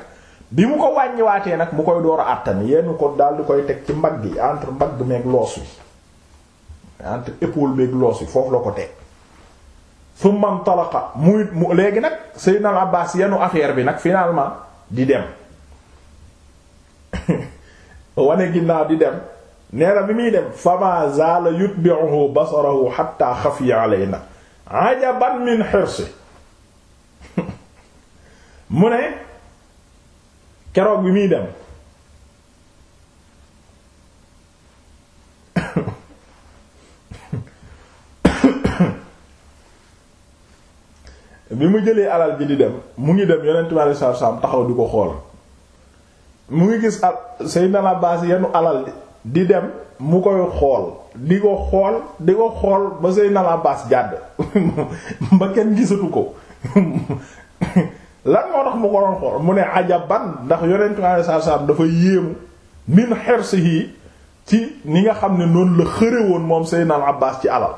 A: bi mu ko wàññiwaatee nag mu koy door attan àttan ko daal di koy teg ci mbagg yi entre mbagg meeg loos wi entre épaule meeg loos wi foofu la ko teg summa ntalaqa muy mu léegi nag Seydina al Abbas yenu affaire bi nag finalement di dem wane ginnaaw di dem nee bi muy dem fama zala yutbi'uhu basarahu hatta xafiya alayna ajaban min hirsi mu ne keroog bi muy dem bi mu jëlee alal ji di dem mu ngi dem yonent bi aleyhi salaatu taxaw di ko xool mu ngi gis al Seydina nalaabaas yenu alal di dem mu koy xool di ko xool di ko xool ba Seydina Abbaas jàdd ba kenn gisatu ko lan moo tax mu ko doon xool mu ne ajaban ndax yonentu Yàlla sallallahu alayhi wasallam dafa yéemu min hirsihi ci ni nga xam ne noonu la xëre woon moom Seydina Abbaas ci alal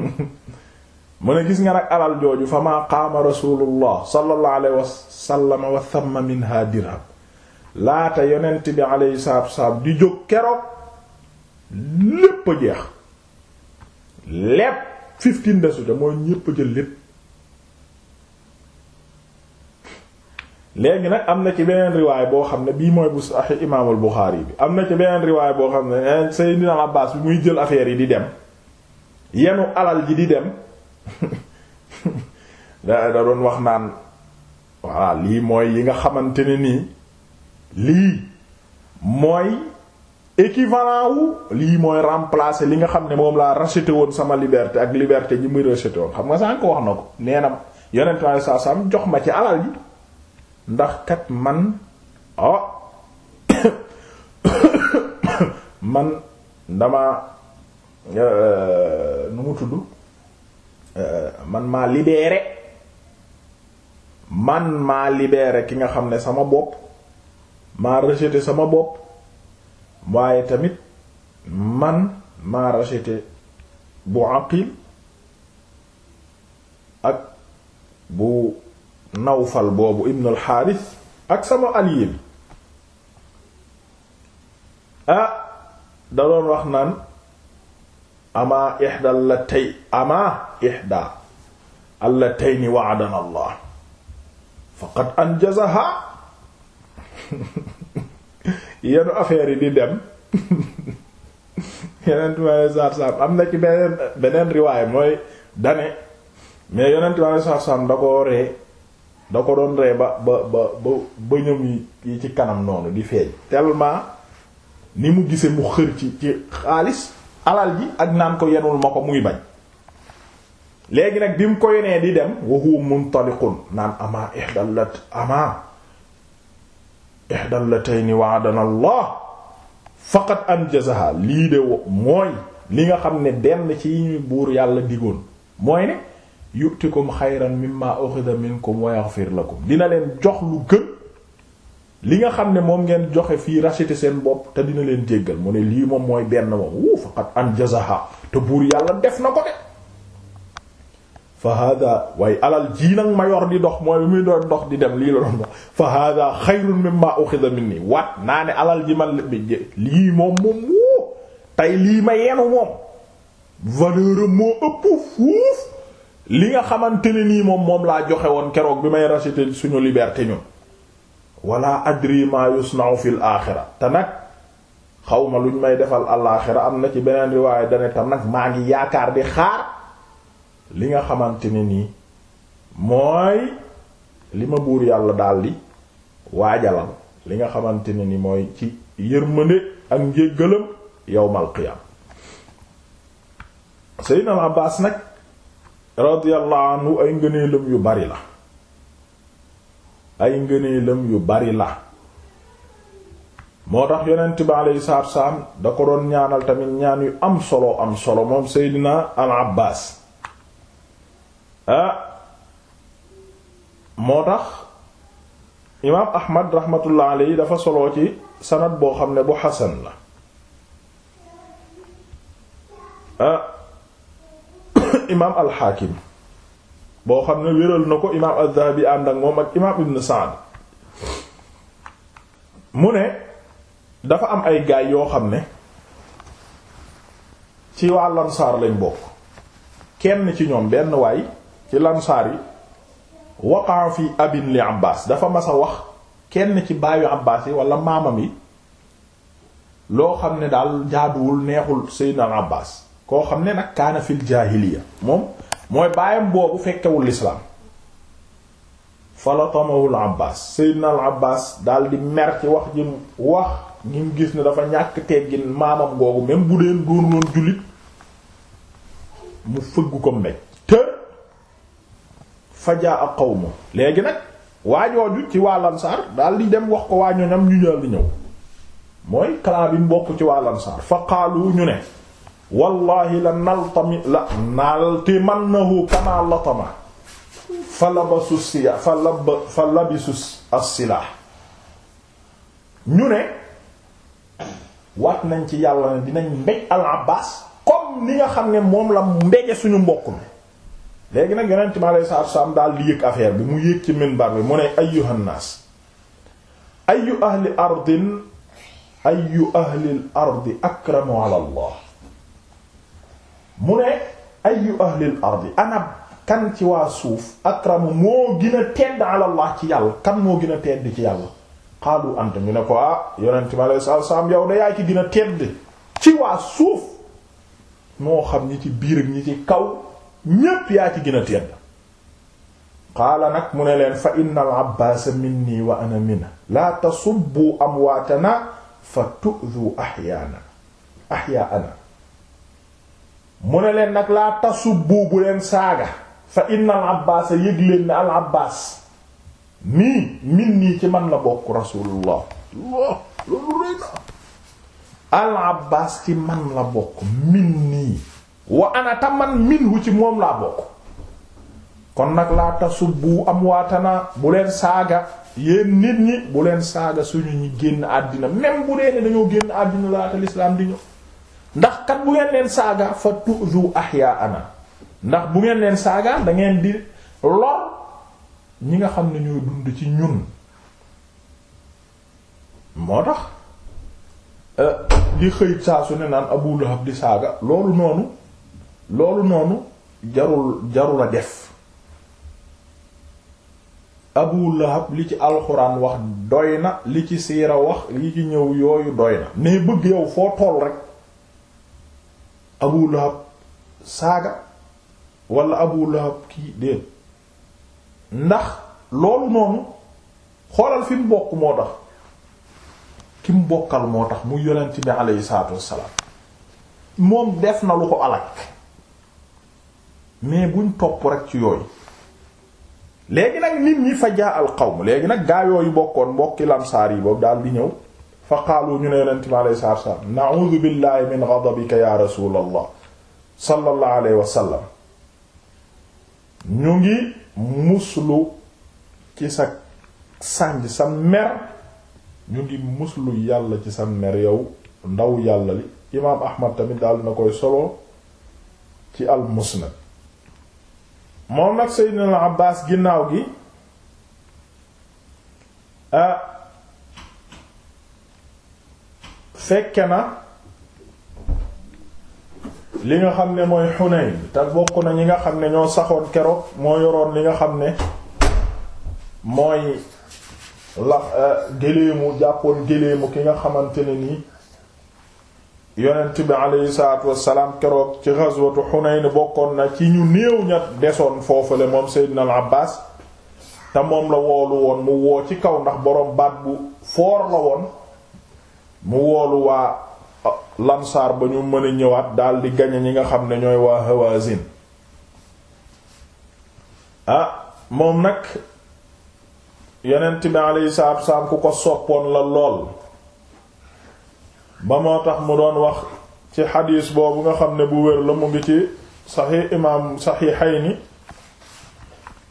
A: mu ne gis nga nag alal jooju fa maa qaama rasulullah sallallahu alayhi wasallam wa thamma minha laata yonent bi alayhi salaatu wasallam di jóg keroog lépp a jeex lépp fifteen desu te mooy ñépp a jël lépp léegi nag am na ci beneen riwaay boo xam ne bii mooy bu Sahih imaamul Buxaari bi am na ci beneen riwaay boo xam ne eh, Seydina Abbaas bi muy jël affaire yi di dem yenu alal ji di dem da da doon wax naan voilà lii mooy yi nga xamante ne nii lii mooy équivalent wu lii mooy remplacer li nga xam ne moom laa racheté woon sama liberté ak liberté ji muy racheté xam nga sànq wax na ko nee na yonent sallallahu saa wasallam jox ma ci alal ji. ndax kat man oh, man dama euh, nu mu tudd euh, man maa libéré man maa libéré ki nga xam ne sama bopp maa rejeté sama bopp waaye tamit man maa rejeté bu aqil ak bu nawfal boobu ibn al ak sama allié ah da doon wax naan ama ihda allatay ama ihda allatayni wa'adana allah faqad anjazaha yenu affaire di dem yeneen tubaab yi saabsaab am na ci beneen beneen riwaay mooy dane mais yeneen tubaab yi saabsaab da ko ree da ko doon ree ba ba ba ba bëñëm yi ci kanam noonu di feeñ tellement ni mu gise mu xër ci ci xaalis alal ji ak naan ko yenul ma ko muy bañ léegi nag bi mu ko yenee di dem wa huwa muntaliqun naan ama ihdal lat ama ihdal latayni wa'adana Allah faqat anjazaha lii de mooy li nga xam ne benn ci yi ñuy buur yàlla digoon mooy ne yu'tikum xayran mimma ukhidha minkum wa yaghfir lakum dina leen jox lu gën li nga xam ne moom ngeen joxe fii racheter seen bopp te dina leen jéggal mu ne lii moom mooy benn moom wu te buur yàlla def na ko de alal jii nag ma yor di dox mooy bi muy di dem lii la doon alal ji man lii moom moom tey lii ma yenu moom valeur moo ëpp fuuf li nga xamante ne nii moom moom laa joxe woon keroog bi may racheter suñu liberté ñun wala adri ma yusna'u fil aaxira te nag xawma luñ may defal alaaxira am na ci beneen riwaaye dane tam nag maa ngi yaakaar di xaar li nga xamante ne nii mooy li ma buur yàlla daldi waajalal li nga xamante ne ni mooy ci yërmande ak njéggalam yawmal qiyaam Seydina Abbaas nag radiyallahu anhu ay ngëneelam yu bari la ay ngëneelam yu bari la moo tax yonent bi alayhi salaatu salaam da ko doon ñaanal tamit ñaan yu am solo am solo moom Seydina al Abbaas ah moo tax imaam Ahmad rahmatullah alayhi dafa solo ci sanad boo xam ne bu xasan la ah, imaam alxaakim boo xam ne wéral na ko imaam az-Zahabi moom ak imaam ibn Sa'd mu ne dafa am ay gaay yoo xam ne ci waa lansaar lañ bokk kenn ci ñoom benn waay ci lansaar yi waqaa fi abin li Abbaas dafa mas a wax kenn ci baayu Abbaas yi wala maamam yi loo xam ne daal jaaduwul neexul Seydina Abbaas koo xam ne nag kaana fil jaahiliya moom mooy baayam boobu fekkewul lislaam falatamawul abbas na al abbas dal di mer ci wax ji wax ngi gis ne dafa ñàkk teggin maamam googu même bu deen doon loon jullit mu fëgg ko mbéj te fajaa ak qawmu léegi nag waajooju ci waa Ansaar daal di dem wax ko waa ñoñam ñu ñal di ñëw mooy clan bi mbokk ci waa Ansaar fa qaalu ñu ne wallahi la naltami la naltimannahu kama latama fa labasu siya fa lab fa labisu as-silah ñu ne waat nañ ci yàlla ne dinañ mbéj al-Abbas comme ni nga xam ne moom la mbeje suñu mbokk mi léegi nag yonent mi alayhi salaatu salaam daal di yëg affaire bi mu yéeg ci minbar bi mu ne ayyuhan naas ayyu ahli ardin ayyu ahli ardi akramu Allah mu ne ayu ahlil ardi anab kan ci waa suuf akramu moo gën a tedd ala allah ci yàlla kan moo gën a tedd ci yàlla xaalu ant ñu ne ko ah yonente bi alei salatu salaam yow da yaay ci gën a tedd ci waa suuf moo xam ñi ci biir ak ñi ci kaw ñépp yaa ci gën a tedd qaala nag mu ne leen fa inna al abbaasa minni wa ana minhu laa tasubbu amwaatana fa tu'dhu ahyaana ahyaana mu ne leen nag laa tasubbu bu leen saaga fa inna al abbaas a yëg leen ne al abbaas nii min nii ci man la bokk rasulullah Allah loolu rëy na al abbaas ci man la bokk min nii wa anata man minhu ci moom laa bokk kon nag laa tasubbu amwaatana bu leen saaga yéen nit ñi bu leen saaga suñu ñi génn àddina même bu dee ne dañoo génn àddina laata lislaam di ñëw ndax kat bu ngeen leen saaga fa tu'zu ahyaana ndax bu ngeen leen saaga dangeen ngeen di lor ñi nga xam ne ñoo dund ci ñun moo tax euh, di xëy saa su ne naan Abu Lahab di saaga loolu noonu loolu noonu jarul jarul def Abu Lahab li ci alxuraan wax doy na li ci siira wax li ci ñëw yooyu doy na mais bëgg yow foo toll rek abu lahab saaga wala abu lahab kii déen ndax loolu noonu xoolal fi mu bokk moo tax ki mu bokkal moo tax mu yonent bi aleyhi salaatu wassalaam moom def na lu ko alak mais buñ topp rek ci yooyu léegi nag nit ñi fa jaa al qawm léegi nag gaa yooyu bokkoon mbokki lamsaar yi boobu daal di ñëw fa qaalu ñu ne yonent bi alayhi salaatu wa salaam na'uudu ngi muslu ci sa sànj sa mer ñu ngi muslu yàlla ci sa mer yow ndaw yàlla li imaam ahmad tamit daal na koy solo ci al moom nag seydina al abbaas ginnaaw gi ah, fekke na li nga xam ne mooy Hunayn te bokk na ñi nga xam ne ñoo saxoon keroog moo yoroon li nga xam ne mooy la euh, géléemu jàppoon géléemu ki nga xamante ne nii yonent bi aleyhi salaatu wassalaam keroog ci ghazwatu Hunayn bokkoon na ci ñu néew ña desoon foofule moom Seydina al Abbas te moom la woolu woon mu woo ci kaw ndax boroom baat bu foor la woon mu woolu waa lansaar ba ñu mën ñëwaat daal di gañe ñi nga xam ne ñooy waa Hawazin ah moom nag yonent bi alayhi salaatu wasalaam ku ko soppoon la lool ba moo tax mu doon wax ci xadiis boobu nga xam ne bu wér la mu ngi ci saxi imaam saxiixayni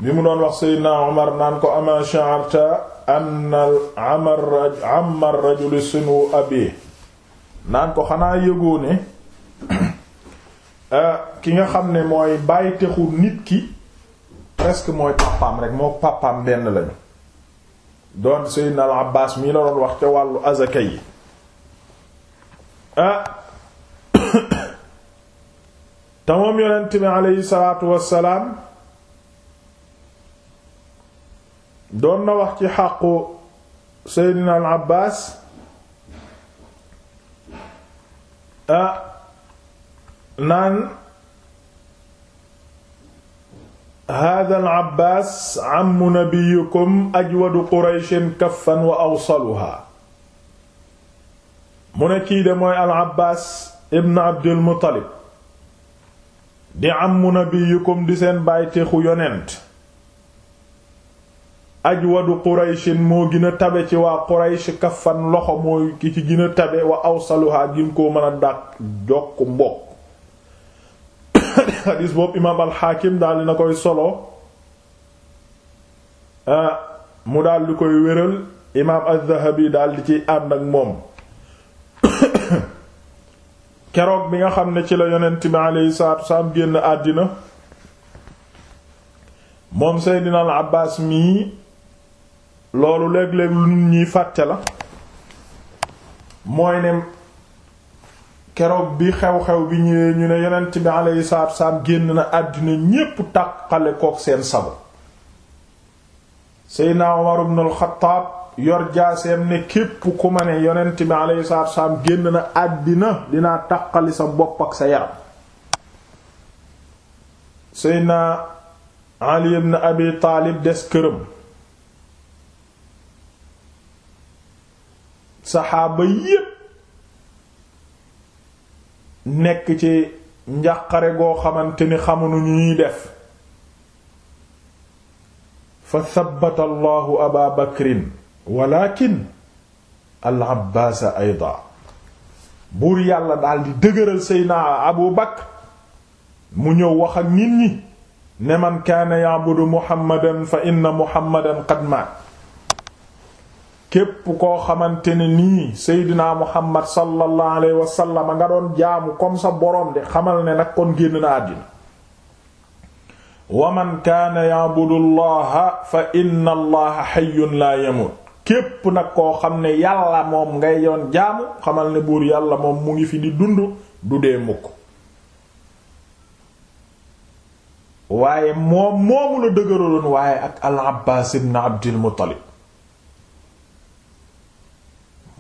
A: bi mu doon wax Seydina Umar naan ko ama sha'arta anna amma rajuli sinu abi naan ko xanaa yëgoo ah, ki nga xam ne mooy bàyyi texu nit ki presque mooy pàppaam rek moo pàppaam benn lañu doon Seydina al Abbaas mii la doon wax ca wàllu azaka yi ah yonent bi aleyhi salaatu wassalaam doon na wax ci xàqu Seydina al Abbaas ah naan hada al Abbaas ammu nabiyikum ajwadu Qurayshin kaffan wa awsaluha mu ne kii de mooy al Abbaas ibn Abdul Muttalib di ammu nabiyikum di seen bàytexu yonent ajwadu qurayshin moo gën a tabe ci waa quraysh kafan loxo mooy ki ci gën a tabe wa awsaluhaa gin koo mën dàq jokk mbokk xadiis boobu imaam alxaakim daal di na koy solo ah, mu daal di koy wéral imaam az-zahabi daal di ciy ànd ak moom keroog bi nga xam ne ci la yonent bi aleyhi salaatu wasalaam génn àddina moom seydina al abbaas mii loolu léeg-léeg lu nit fàtte la mooy ne keroog bi xew-xew bi ñu ne yonent bi alayhi salaatu wasalaam génn na àddina ñépp tàqale kook seen sabo Seydina Umar ibn al-Khattab yor jaaseem ne képp ku ma ne yonent bi alayhi salaatu wasalaam génn na àddina dina tàqali sa bopp ak sa yaram Seydina Ali ibn Abi des këram saxaaba yépp nekk ci njàqare goo xamante ni xamuñu ñuy def fa thabbata allahu aba bakrin walakin al abbaas ayda buur yàlla daal di dëgëral seydna abu bakr mu ñëw wax ak nit ñi ne man kaana ya'budu muhammadan fa inna muhammadan qad maat képp koo xamante ne nii seydinaa muhammad sallallahu alayhi wa sallam nga doon jaamu comme sa boroom de xamal ne nag kon génn na àddina wa man kaana ya'budu allaha fa inna allaha hayyun laa yamut képp nag koo xam ne yàlla moom ngay yoon jaamu xamal ne buur yàlla moom mu ngi fi di dund du dee mukk waaye moom moomu la dëgëraloon waaye ak al abbaas ibn abdil muttalib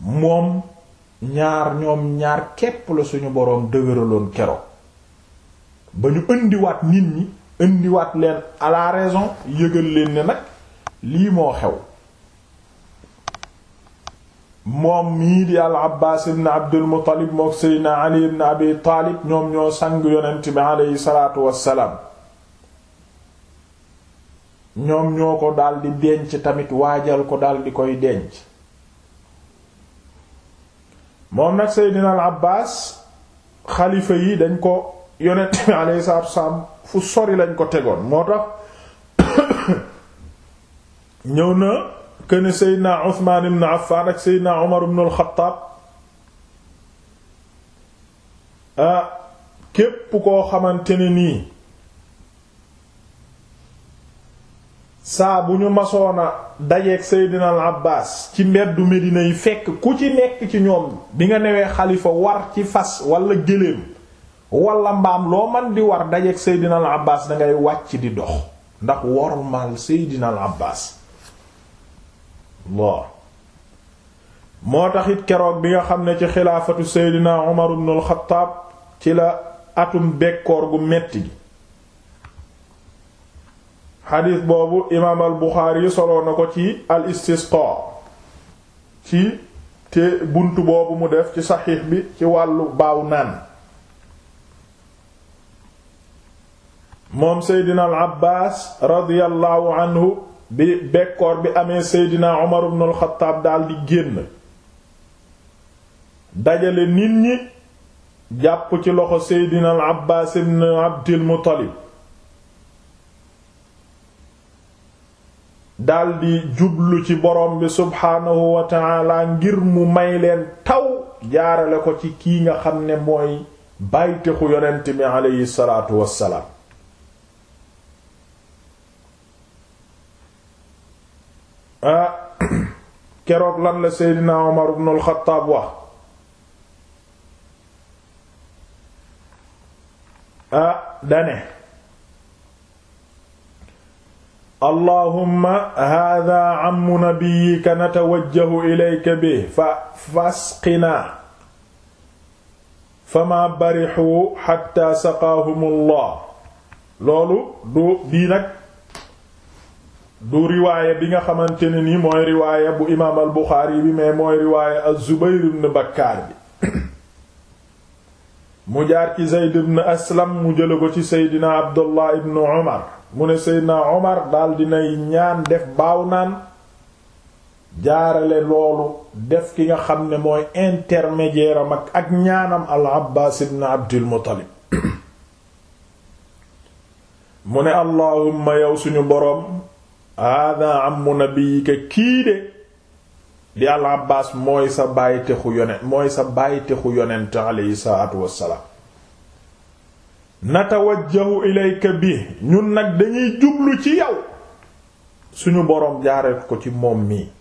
A: moom ñaar ñoom ñaar képp la suñu boroom dëgëraloon keroog ba ñu indiwaat nit ñi indiwaat leen à la yëgal leen ne nag lii moo xew moom mii di al abbaas ibn abdul muttalib mook seydina ali ibn abi taalib ñoom ñoo sang yonent bi aleyhi salaatu wassalaam ñoom ñoo ko daldi denc tamit waajal ko daldi koy denc moom nag Seydina al Abbaas xalifa yi dañ ko yonent bi alayhi salaatu wasalaam fu sori lañ ko tegoon moo tax ñëw na këne Seydina Usmaan ibn Affaan ak Seydina Umar ibn al ah, képp koo xamante ne nii saa bu ñu masoon dajeeg Seydina al Abbas ci mbeddu Medina yi fekk ku ci nekk ci ñoom bi nga newee xalifa war ci fas walla gëléem wala mbaam loo man di war dajeeg Seydina al Abbas da ngay wàcc di dox ndax wormaal Seydina al Abbas waaw moo tax it keroog bi nga xam ne ci xilaafatu Seydina Umar ibn al ci la atum bekkoor gu metti gi xadiis boobu imaam al buxaari soloo na ko ci al istisqa ci te bunt boobu mu def ci saxiix bi ci wàllu baaw naan moom seydina al abbaas radiyallahu bi bekkoor bi amee seydina umar ibn al xattaab daldi génn dajale nit ñi jàpp ci loxo seydina al abbaas ibn abdil muttalib daldi jublu ci borom bi subhaanahu wa ngir mu may leen taw jaarale ko ci kii nga xam ne mooy baytexu yonent bi aleyhi salaatu wassalaam ah keroog lan la seydina Umar ibn al-Khattab ah, dane allahumma hada ammu nabiyyika natawajjahu ilayka bi fa fasqinaa fama barixu xatta saqaahumullah loolu du bii nag du riwaaya bi nga xamante ne nii mooy riwaaya bu imaam al buxaari bi mais mooy riwaaya az-Zubayr ibn Bakkaar bi mu jaar ci Zayd ibn Aslam mu jële ko ci Seydina Abdullah ibn Umar mu ne Seydina Omar daal dinay ñaan def baaw naan jaarale loolu def ki nga xam ne mooy intermédiaire am ak ak ñaanam al Abbaas ibn Abdul Muttalib mu ne allahumma yow suñu boroom hada ammu nabiyyika kii de di al Abbaas mooy sa bàyyitexu yonent mooy sa bàyyitexu yonent alayhi salaatu wassalaam natawajjahu ilayka bi ñun nag dañuy jublu ci yow suñu boroom jaaree ko ci moom mii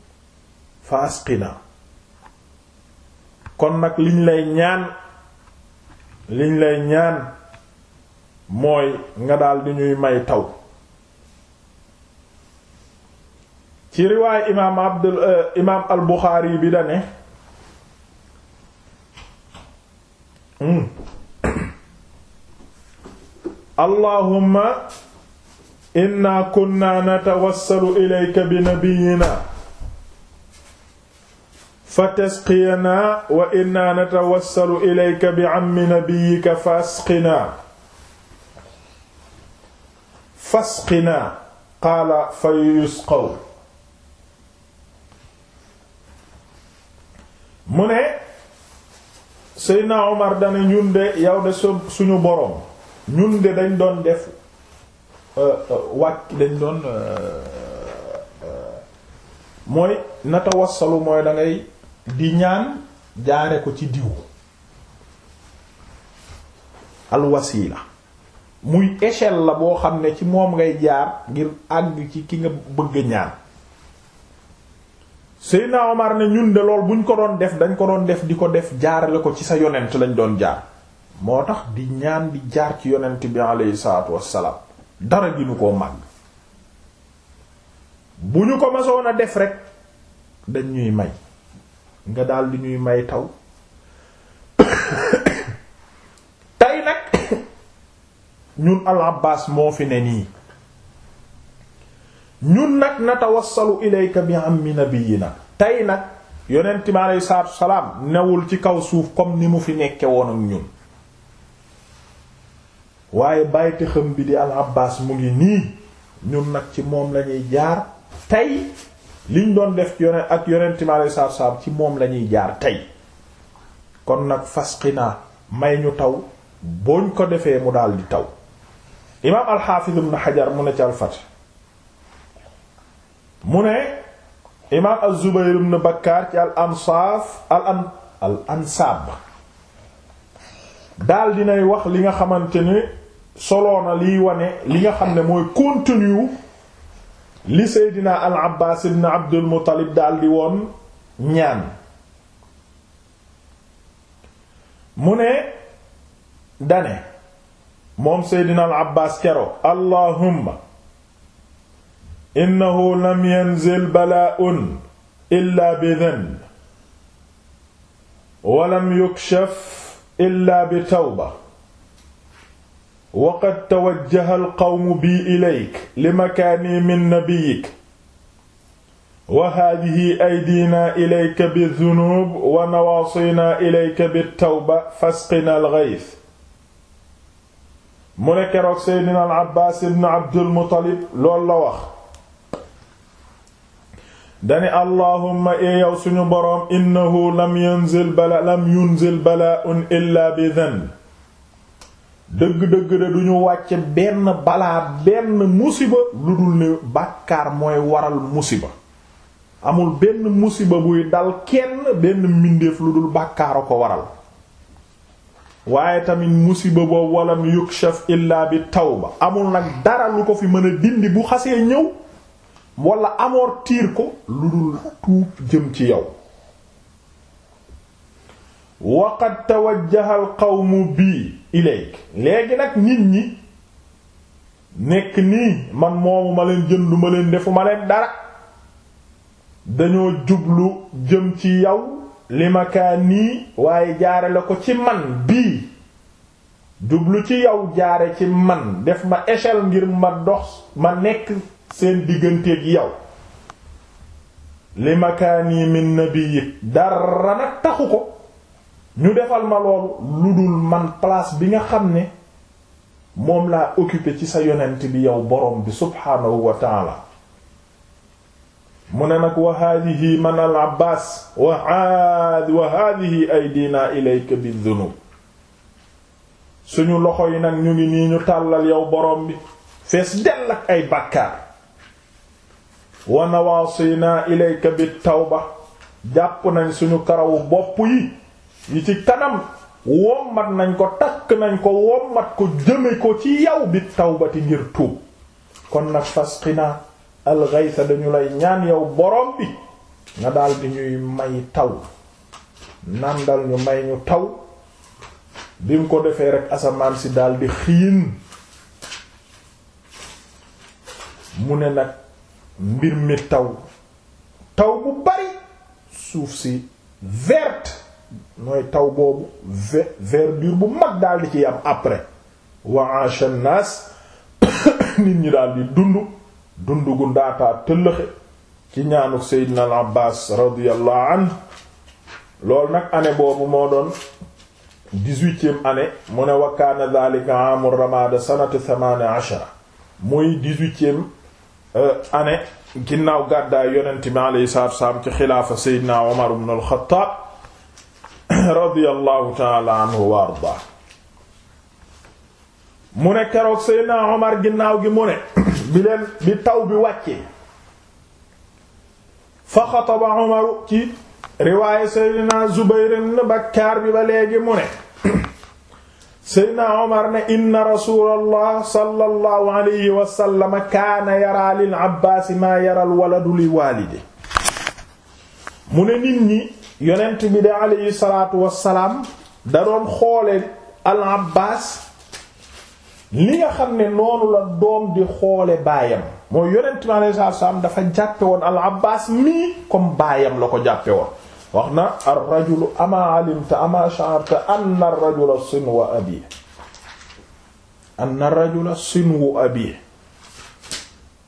A: fa asqina kon nag liñ lay ñaan liñ lay ñaan mooy nga daal di ñuy may taw ci riwaay imaam abdul euh, imaam al buxaari bi dane hmm, allahumma inna kunna natawassalu ilayka bi nabiyyina fatasqiyana wa inna natawassalu fasqina fasqina qaala fayusqaw mu ne Seydina Omar dana ñun de de suñu boroom ñun de dañ doon def euh, euh, wàcc dañ doon euh, mooy natawassalu mooy da di ñaan jaare ko ci diw alwasila muy échelle la boo xam ne ci moom ngay jaar ngir àgg ci ki nga bëgg ñaan Seydina Omar ne ñun de lool buñ ko doon def dañ ko doon def di ko def jaarale ko ci sa yonent lañ doon jaar moo tax di ñaan di jaar ci yonent bi aleyhi salaatu wassalaam dara gi ñu koo màgg bu ñu ko masoon a def rek dañ ñuy may nga daal di ñuy may taw tey nag ñun al Abbaas moo fi ne nii ñun nag natawassalu ilayka bi ammi nabiyina tey nag yonent bi aleyhi salaatu wassalaam newul ci kaw suuf comme ni mu fi nekke woon ak ñun waaye bàyyite xam bi di al abbaas mu ngi nii ñun nag ci moom lañuy jaar tey liñ doon def ci ak yonenti ma lay saab ci moom lañuy jaar tey kon nag fasqinaa may ñu taw booñ ko defee mu daal taw imaam alxaafiz ibn xajar mu ne ci alfat mu ne imaam az-zubayr ibn bakkaar ci al ansaaf al an al ansaab daal dinay wax li nga xamante ni soloona liy wane li nga xam ne mooy contenu li seydina al abbaas ibn abdul muttalib daldi woon ñaan mu ne dane moom seydina al abbaas kero allahumma innahu lam yanzil balaa'un illa bi dhanb wa lam illa bi tawba waqad tawajjaha alqawmu bii ilayk li makaani min nabiyik wa haadihi aydina ilayka bizunuub wa nawaasina ilayka bittawba fasqina alxays mu ne keroog seydina al abbaas ibn abdulmutalib loolu la wax dani allahumma ee yow suñu boroom innahu lam yunzil bala lam yunzil balaaun illa bi zanb dëgg-dëgg de du wàcce benn balaa benn musiba lu dul ne bàkkaar mooy waral musiba amul benn musiba buy dal kenn benn mbindeef lu dul bàkkaar ko waral waaye tamit musiba boobu walam yukshaf illa bi tawba amul nag dara lu ko fi mën a dindi bu xasee ñëw wala tiir ko lu dul tuub jëm ci yow waqad tawajjaha al qawmu bi ilayk léegi nag nit ñi nekk nii man moomu ma leen jëndu ma leen defu ma leen dara dañoo jublu jëm ci yow li waaye jaare la ko ci man bii jublu ci yow jaare ci man def ma échelle ngir ma dox ma nekk seen digganteeg yow li makaa nii min nabiyik dara nag taxu ko ñu defal ma loolu lu dul man place bi nga xam ne moom laa occupé ci sa yonent bi yow borom bi subhaanahu wa taala mu ne nag wa haadihi man al abbas wa wa ay aydina ilayka bi dunub suñu loxo yi nag ñu ngi nii ñu tàllal yow boroom bi fees dell ak ay bàkkaar wa nawaasina ilayka bi tawba jàpp nañ suñu karawu bopp yi ñi ci kanam wommat nañ ko takk nañ ko wommat ko jëme ko ci yaw bi tawbati ngir tuub kon nag fasqina alxaysa dañu lay ñaan yow borom bi nga daldi ñuy may taw nàndal ñu may ñu taw bi mu ko defee rekk asamaan si daldi xiin mu ne nag mbir mi taw taw bu bari suuf si vert mooy taw boobu verdure bu mag daal di ci am après wa asha nas nit ñi daal di dund dund gu ndaataa tëllëxe ci ñaanu Seydina al Abbas radiyallahu anhu loolu nag année boobu moo doon dix-huitième année mu ne wa kaana dhalika amul ramada sanatu thamana ashara muy dix-huitième euh, ginnaaw gàddaay yonent bi alayhi salaatu wa ci xilaafa Seydina Omar ibn al radiyallahu taala anhu wa arda mu ne keroog Seydina Omar ginnaaw gi mu ne bi leen bi taw bi wàccee fa xataba Omar ci riwaaye Seydina Zubayr ibn Bakkaar bi ba léegi mu ne Seydina Omar ne inna rasulallah sallallahu alayhi wa sallam kaana yaraa lil Abbaas maa yaral waladu li waalidi mu ne nit ñi yonent bi de alayhi salaatu wassalaam da doon xoole al abbaas li nga xam ne noonu la doom di xoole baayam moo yonent bi alayhi salaatu wassalaam dafa jàppe woon al abbaas mii comme baayam la ko jàppe woon wax na ar rajulu ama alimta ama sha'arta anna ar rajula sinwu abi anna ar rajula sinwu abi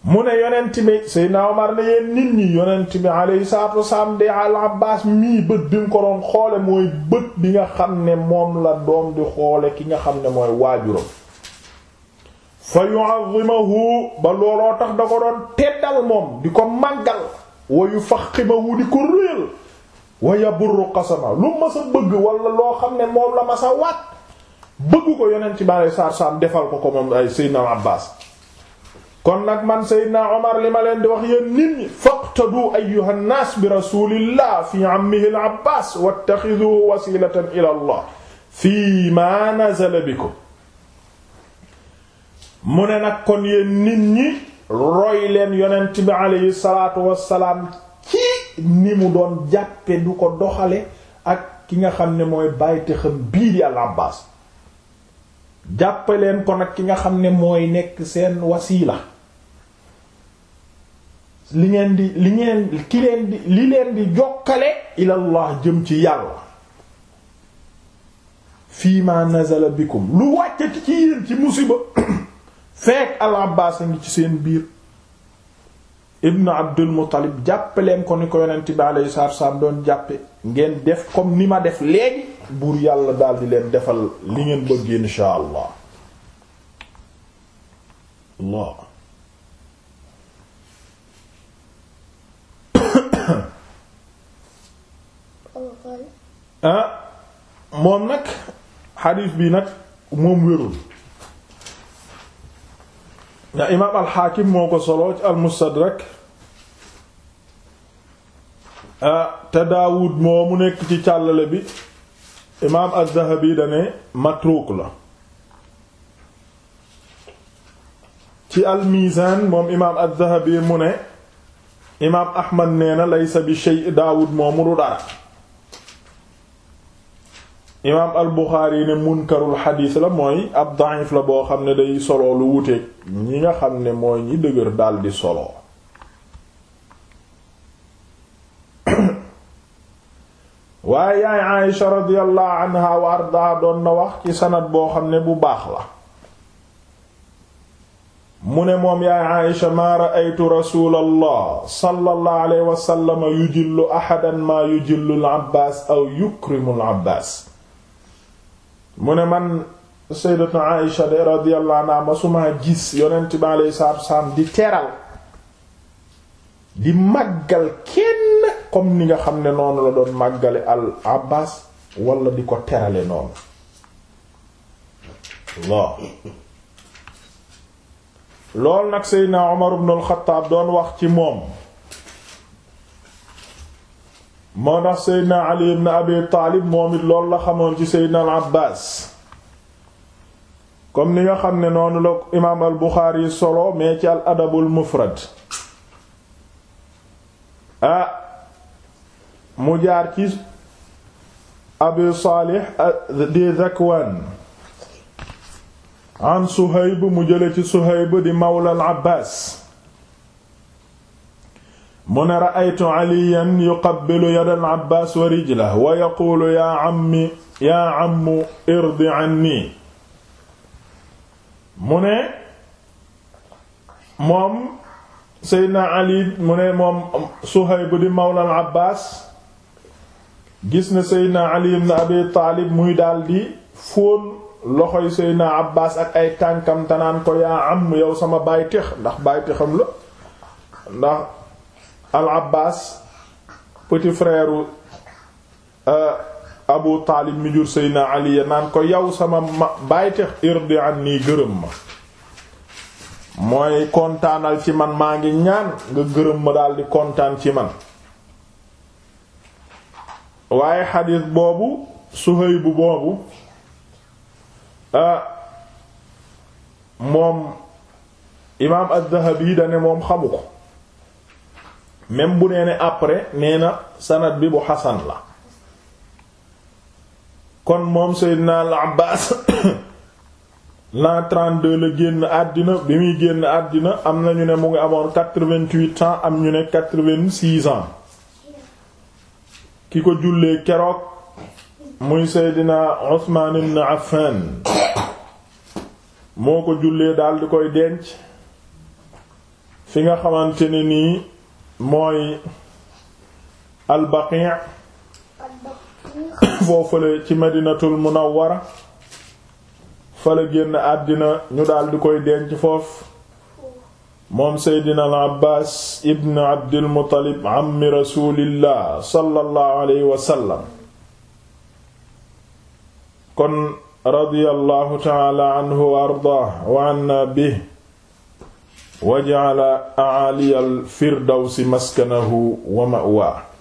A: mu ne yonent bi Seydina Omar ne yéen nit ñi yonent bi alayhi salaatu wasalaam de al mii bët bi nga ko bët bi nga xam ne moom la doom di xoole ki nga xam ne mooy waajuram fa yu'azzimahu ba looloo tax da ko doon teddal moom di ko màggal wa yufaqqimahu di ko réel wa yaburru qasama lu mas a bëgg wala loo xam ne moom la mas a waat bëgg ko yonent bi alayhi salaatu wasalaam defal ko ko moom ay Seydina Abbaas kon nag man Seydina Omar li ma leen di wax yéen nit ñi faqtadu ayyuha nnaas bi rasulillah fi ammihi al abbas wattaxiduhu mu ne nag kon yéen nit ñi roy leen yonent bi aleyhi salaatu wassalaam ci ni mu doon jàppe du ko doxale ak ki nga xam ne mooy bàyyitaxam bii di al abbas jàppe leen kon ak ki nga xam ne mooy nekk seen wasiila li ngeen di li ngeen ki leen di li leen di jokkale ilallah jëm ci yàlla fii ma nazala bikum lu wàccati ci yéen ci musiba fekk al Abbaas a ngi ci seen biir ibnu Abdul Muttalib jàppaleen ko ni ko yonent bi alayhi salaatu salaam doon jàppe ngeen def kom ni ma def léegi buur yàlla daal di leen defal li ngeen bëgg insha Allah ah moom nag xadiis bi nag moom wérul nga imaam alxaakim moo ko solo ci almustadrak ah te daawud moo mu nekk ci càllale bi imaam az dane matruk la ci almizaan moom imaam az-zahabi mu ne imaam ahmad nee na laysa bi shay daawud moomu du dara imaam al-Buxaari ne munkarul xadiis la mooy ab da'if la boo xam ne day solo lu wuteeg ñi nga xam ne mooy ñi dëgër daldi solo waaye yaay Aysha radiyallahu anha wa doon na wax ci sanad boo xam ne bu baax la mu ne moom yaay Aysha maa ra'aytu rasuulallah sallallahu alayhi yu sallam yujillu ahadan maa yujillu al-Abbaas aw yukrimu abbaas mu ne man sayyidatu Aisha de radiyallahu anha masuma gis yonent bi alayhi salaatu wassalaam di teral di màggal kenn comme ni nga xam ne noonu la doon màggale al Abbas wala di ko terale noonu waaw nag Seydina Omar ibn al-Khattab doon wax ci moom moo tax seydna ali ibn abi moom it loolu la xamoon ci seydna al abbaas comme ni nga xam ne noonu la imaam al buxaari solo mais ci al adabul mufrad ah mu jaar ci abi saalih di zakwaan suhayb mu jële ci suhayb di mawla abbaas mu ne ra'aytu caliyan yuqabbilu yada al-Abbaas wa rijlahu wa yaquulu yaa ammi yaa ammu irdi anni mu ne moom Seydina Ali mu ne moom Suhayb di mawla abbaas gis na Seydina Ali ibn Abi Taalib muy daldi fóon loxoy Seydina Abbaas ak ay tànkam tanaan ko yaa am yow sama baay tex ndax baay texam la ndax al abbaas petit frère euh, abu taalib mi jur seydna ali naan ko yow sama ma bàytex irdi an nii gërëm ma mooy kontaanal ci man maa ngi ñaan nga gërëm ma daal di kontaan ci man waaye xadiis boobu suhëy bu boobu euh, moom imaam ad-Dhahabi dane moom xamu ko même bu neenee ne après nee na sanad bi bu xasan la kon moom Seydina al Abbaas l'an génn àddina bi muy génn àddina am na ñu ne mu ngi amoon 88 am ñu ne 86 ki ko jullee keroog muy Seydina Usmaan ibn Affan moo ko jullee daal di koy denc fi nga xamante ne nii mooy albaqi' foofale ci madinatu munawwara fa la génn àddina ñu daal di koy denc foofu moom seydina al abbaas ibn abdil muttalib ammi rasulillah sallallahu alayhi wa kon radiyallahu ta'ala anhu wa ardaah wa waj'ala a'aliyal firdawsi maskanahu wa ma'waa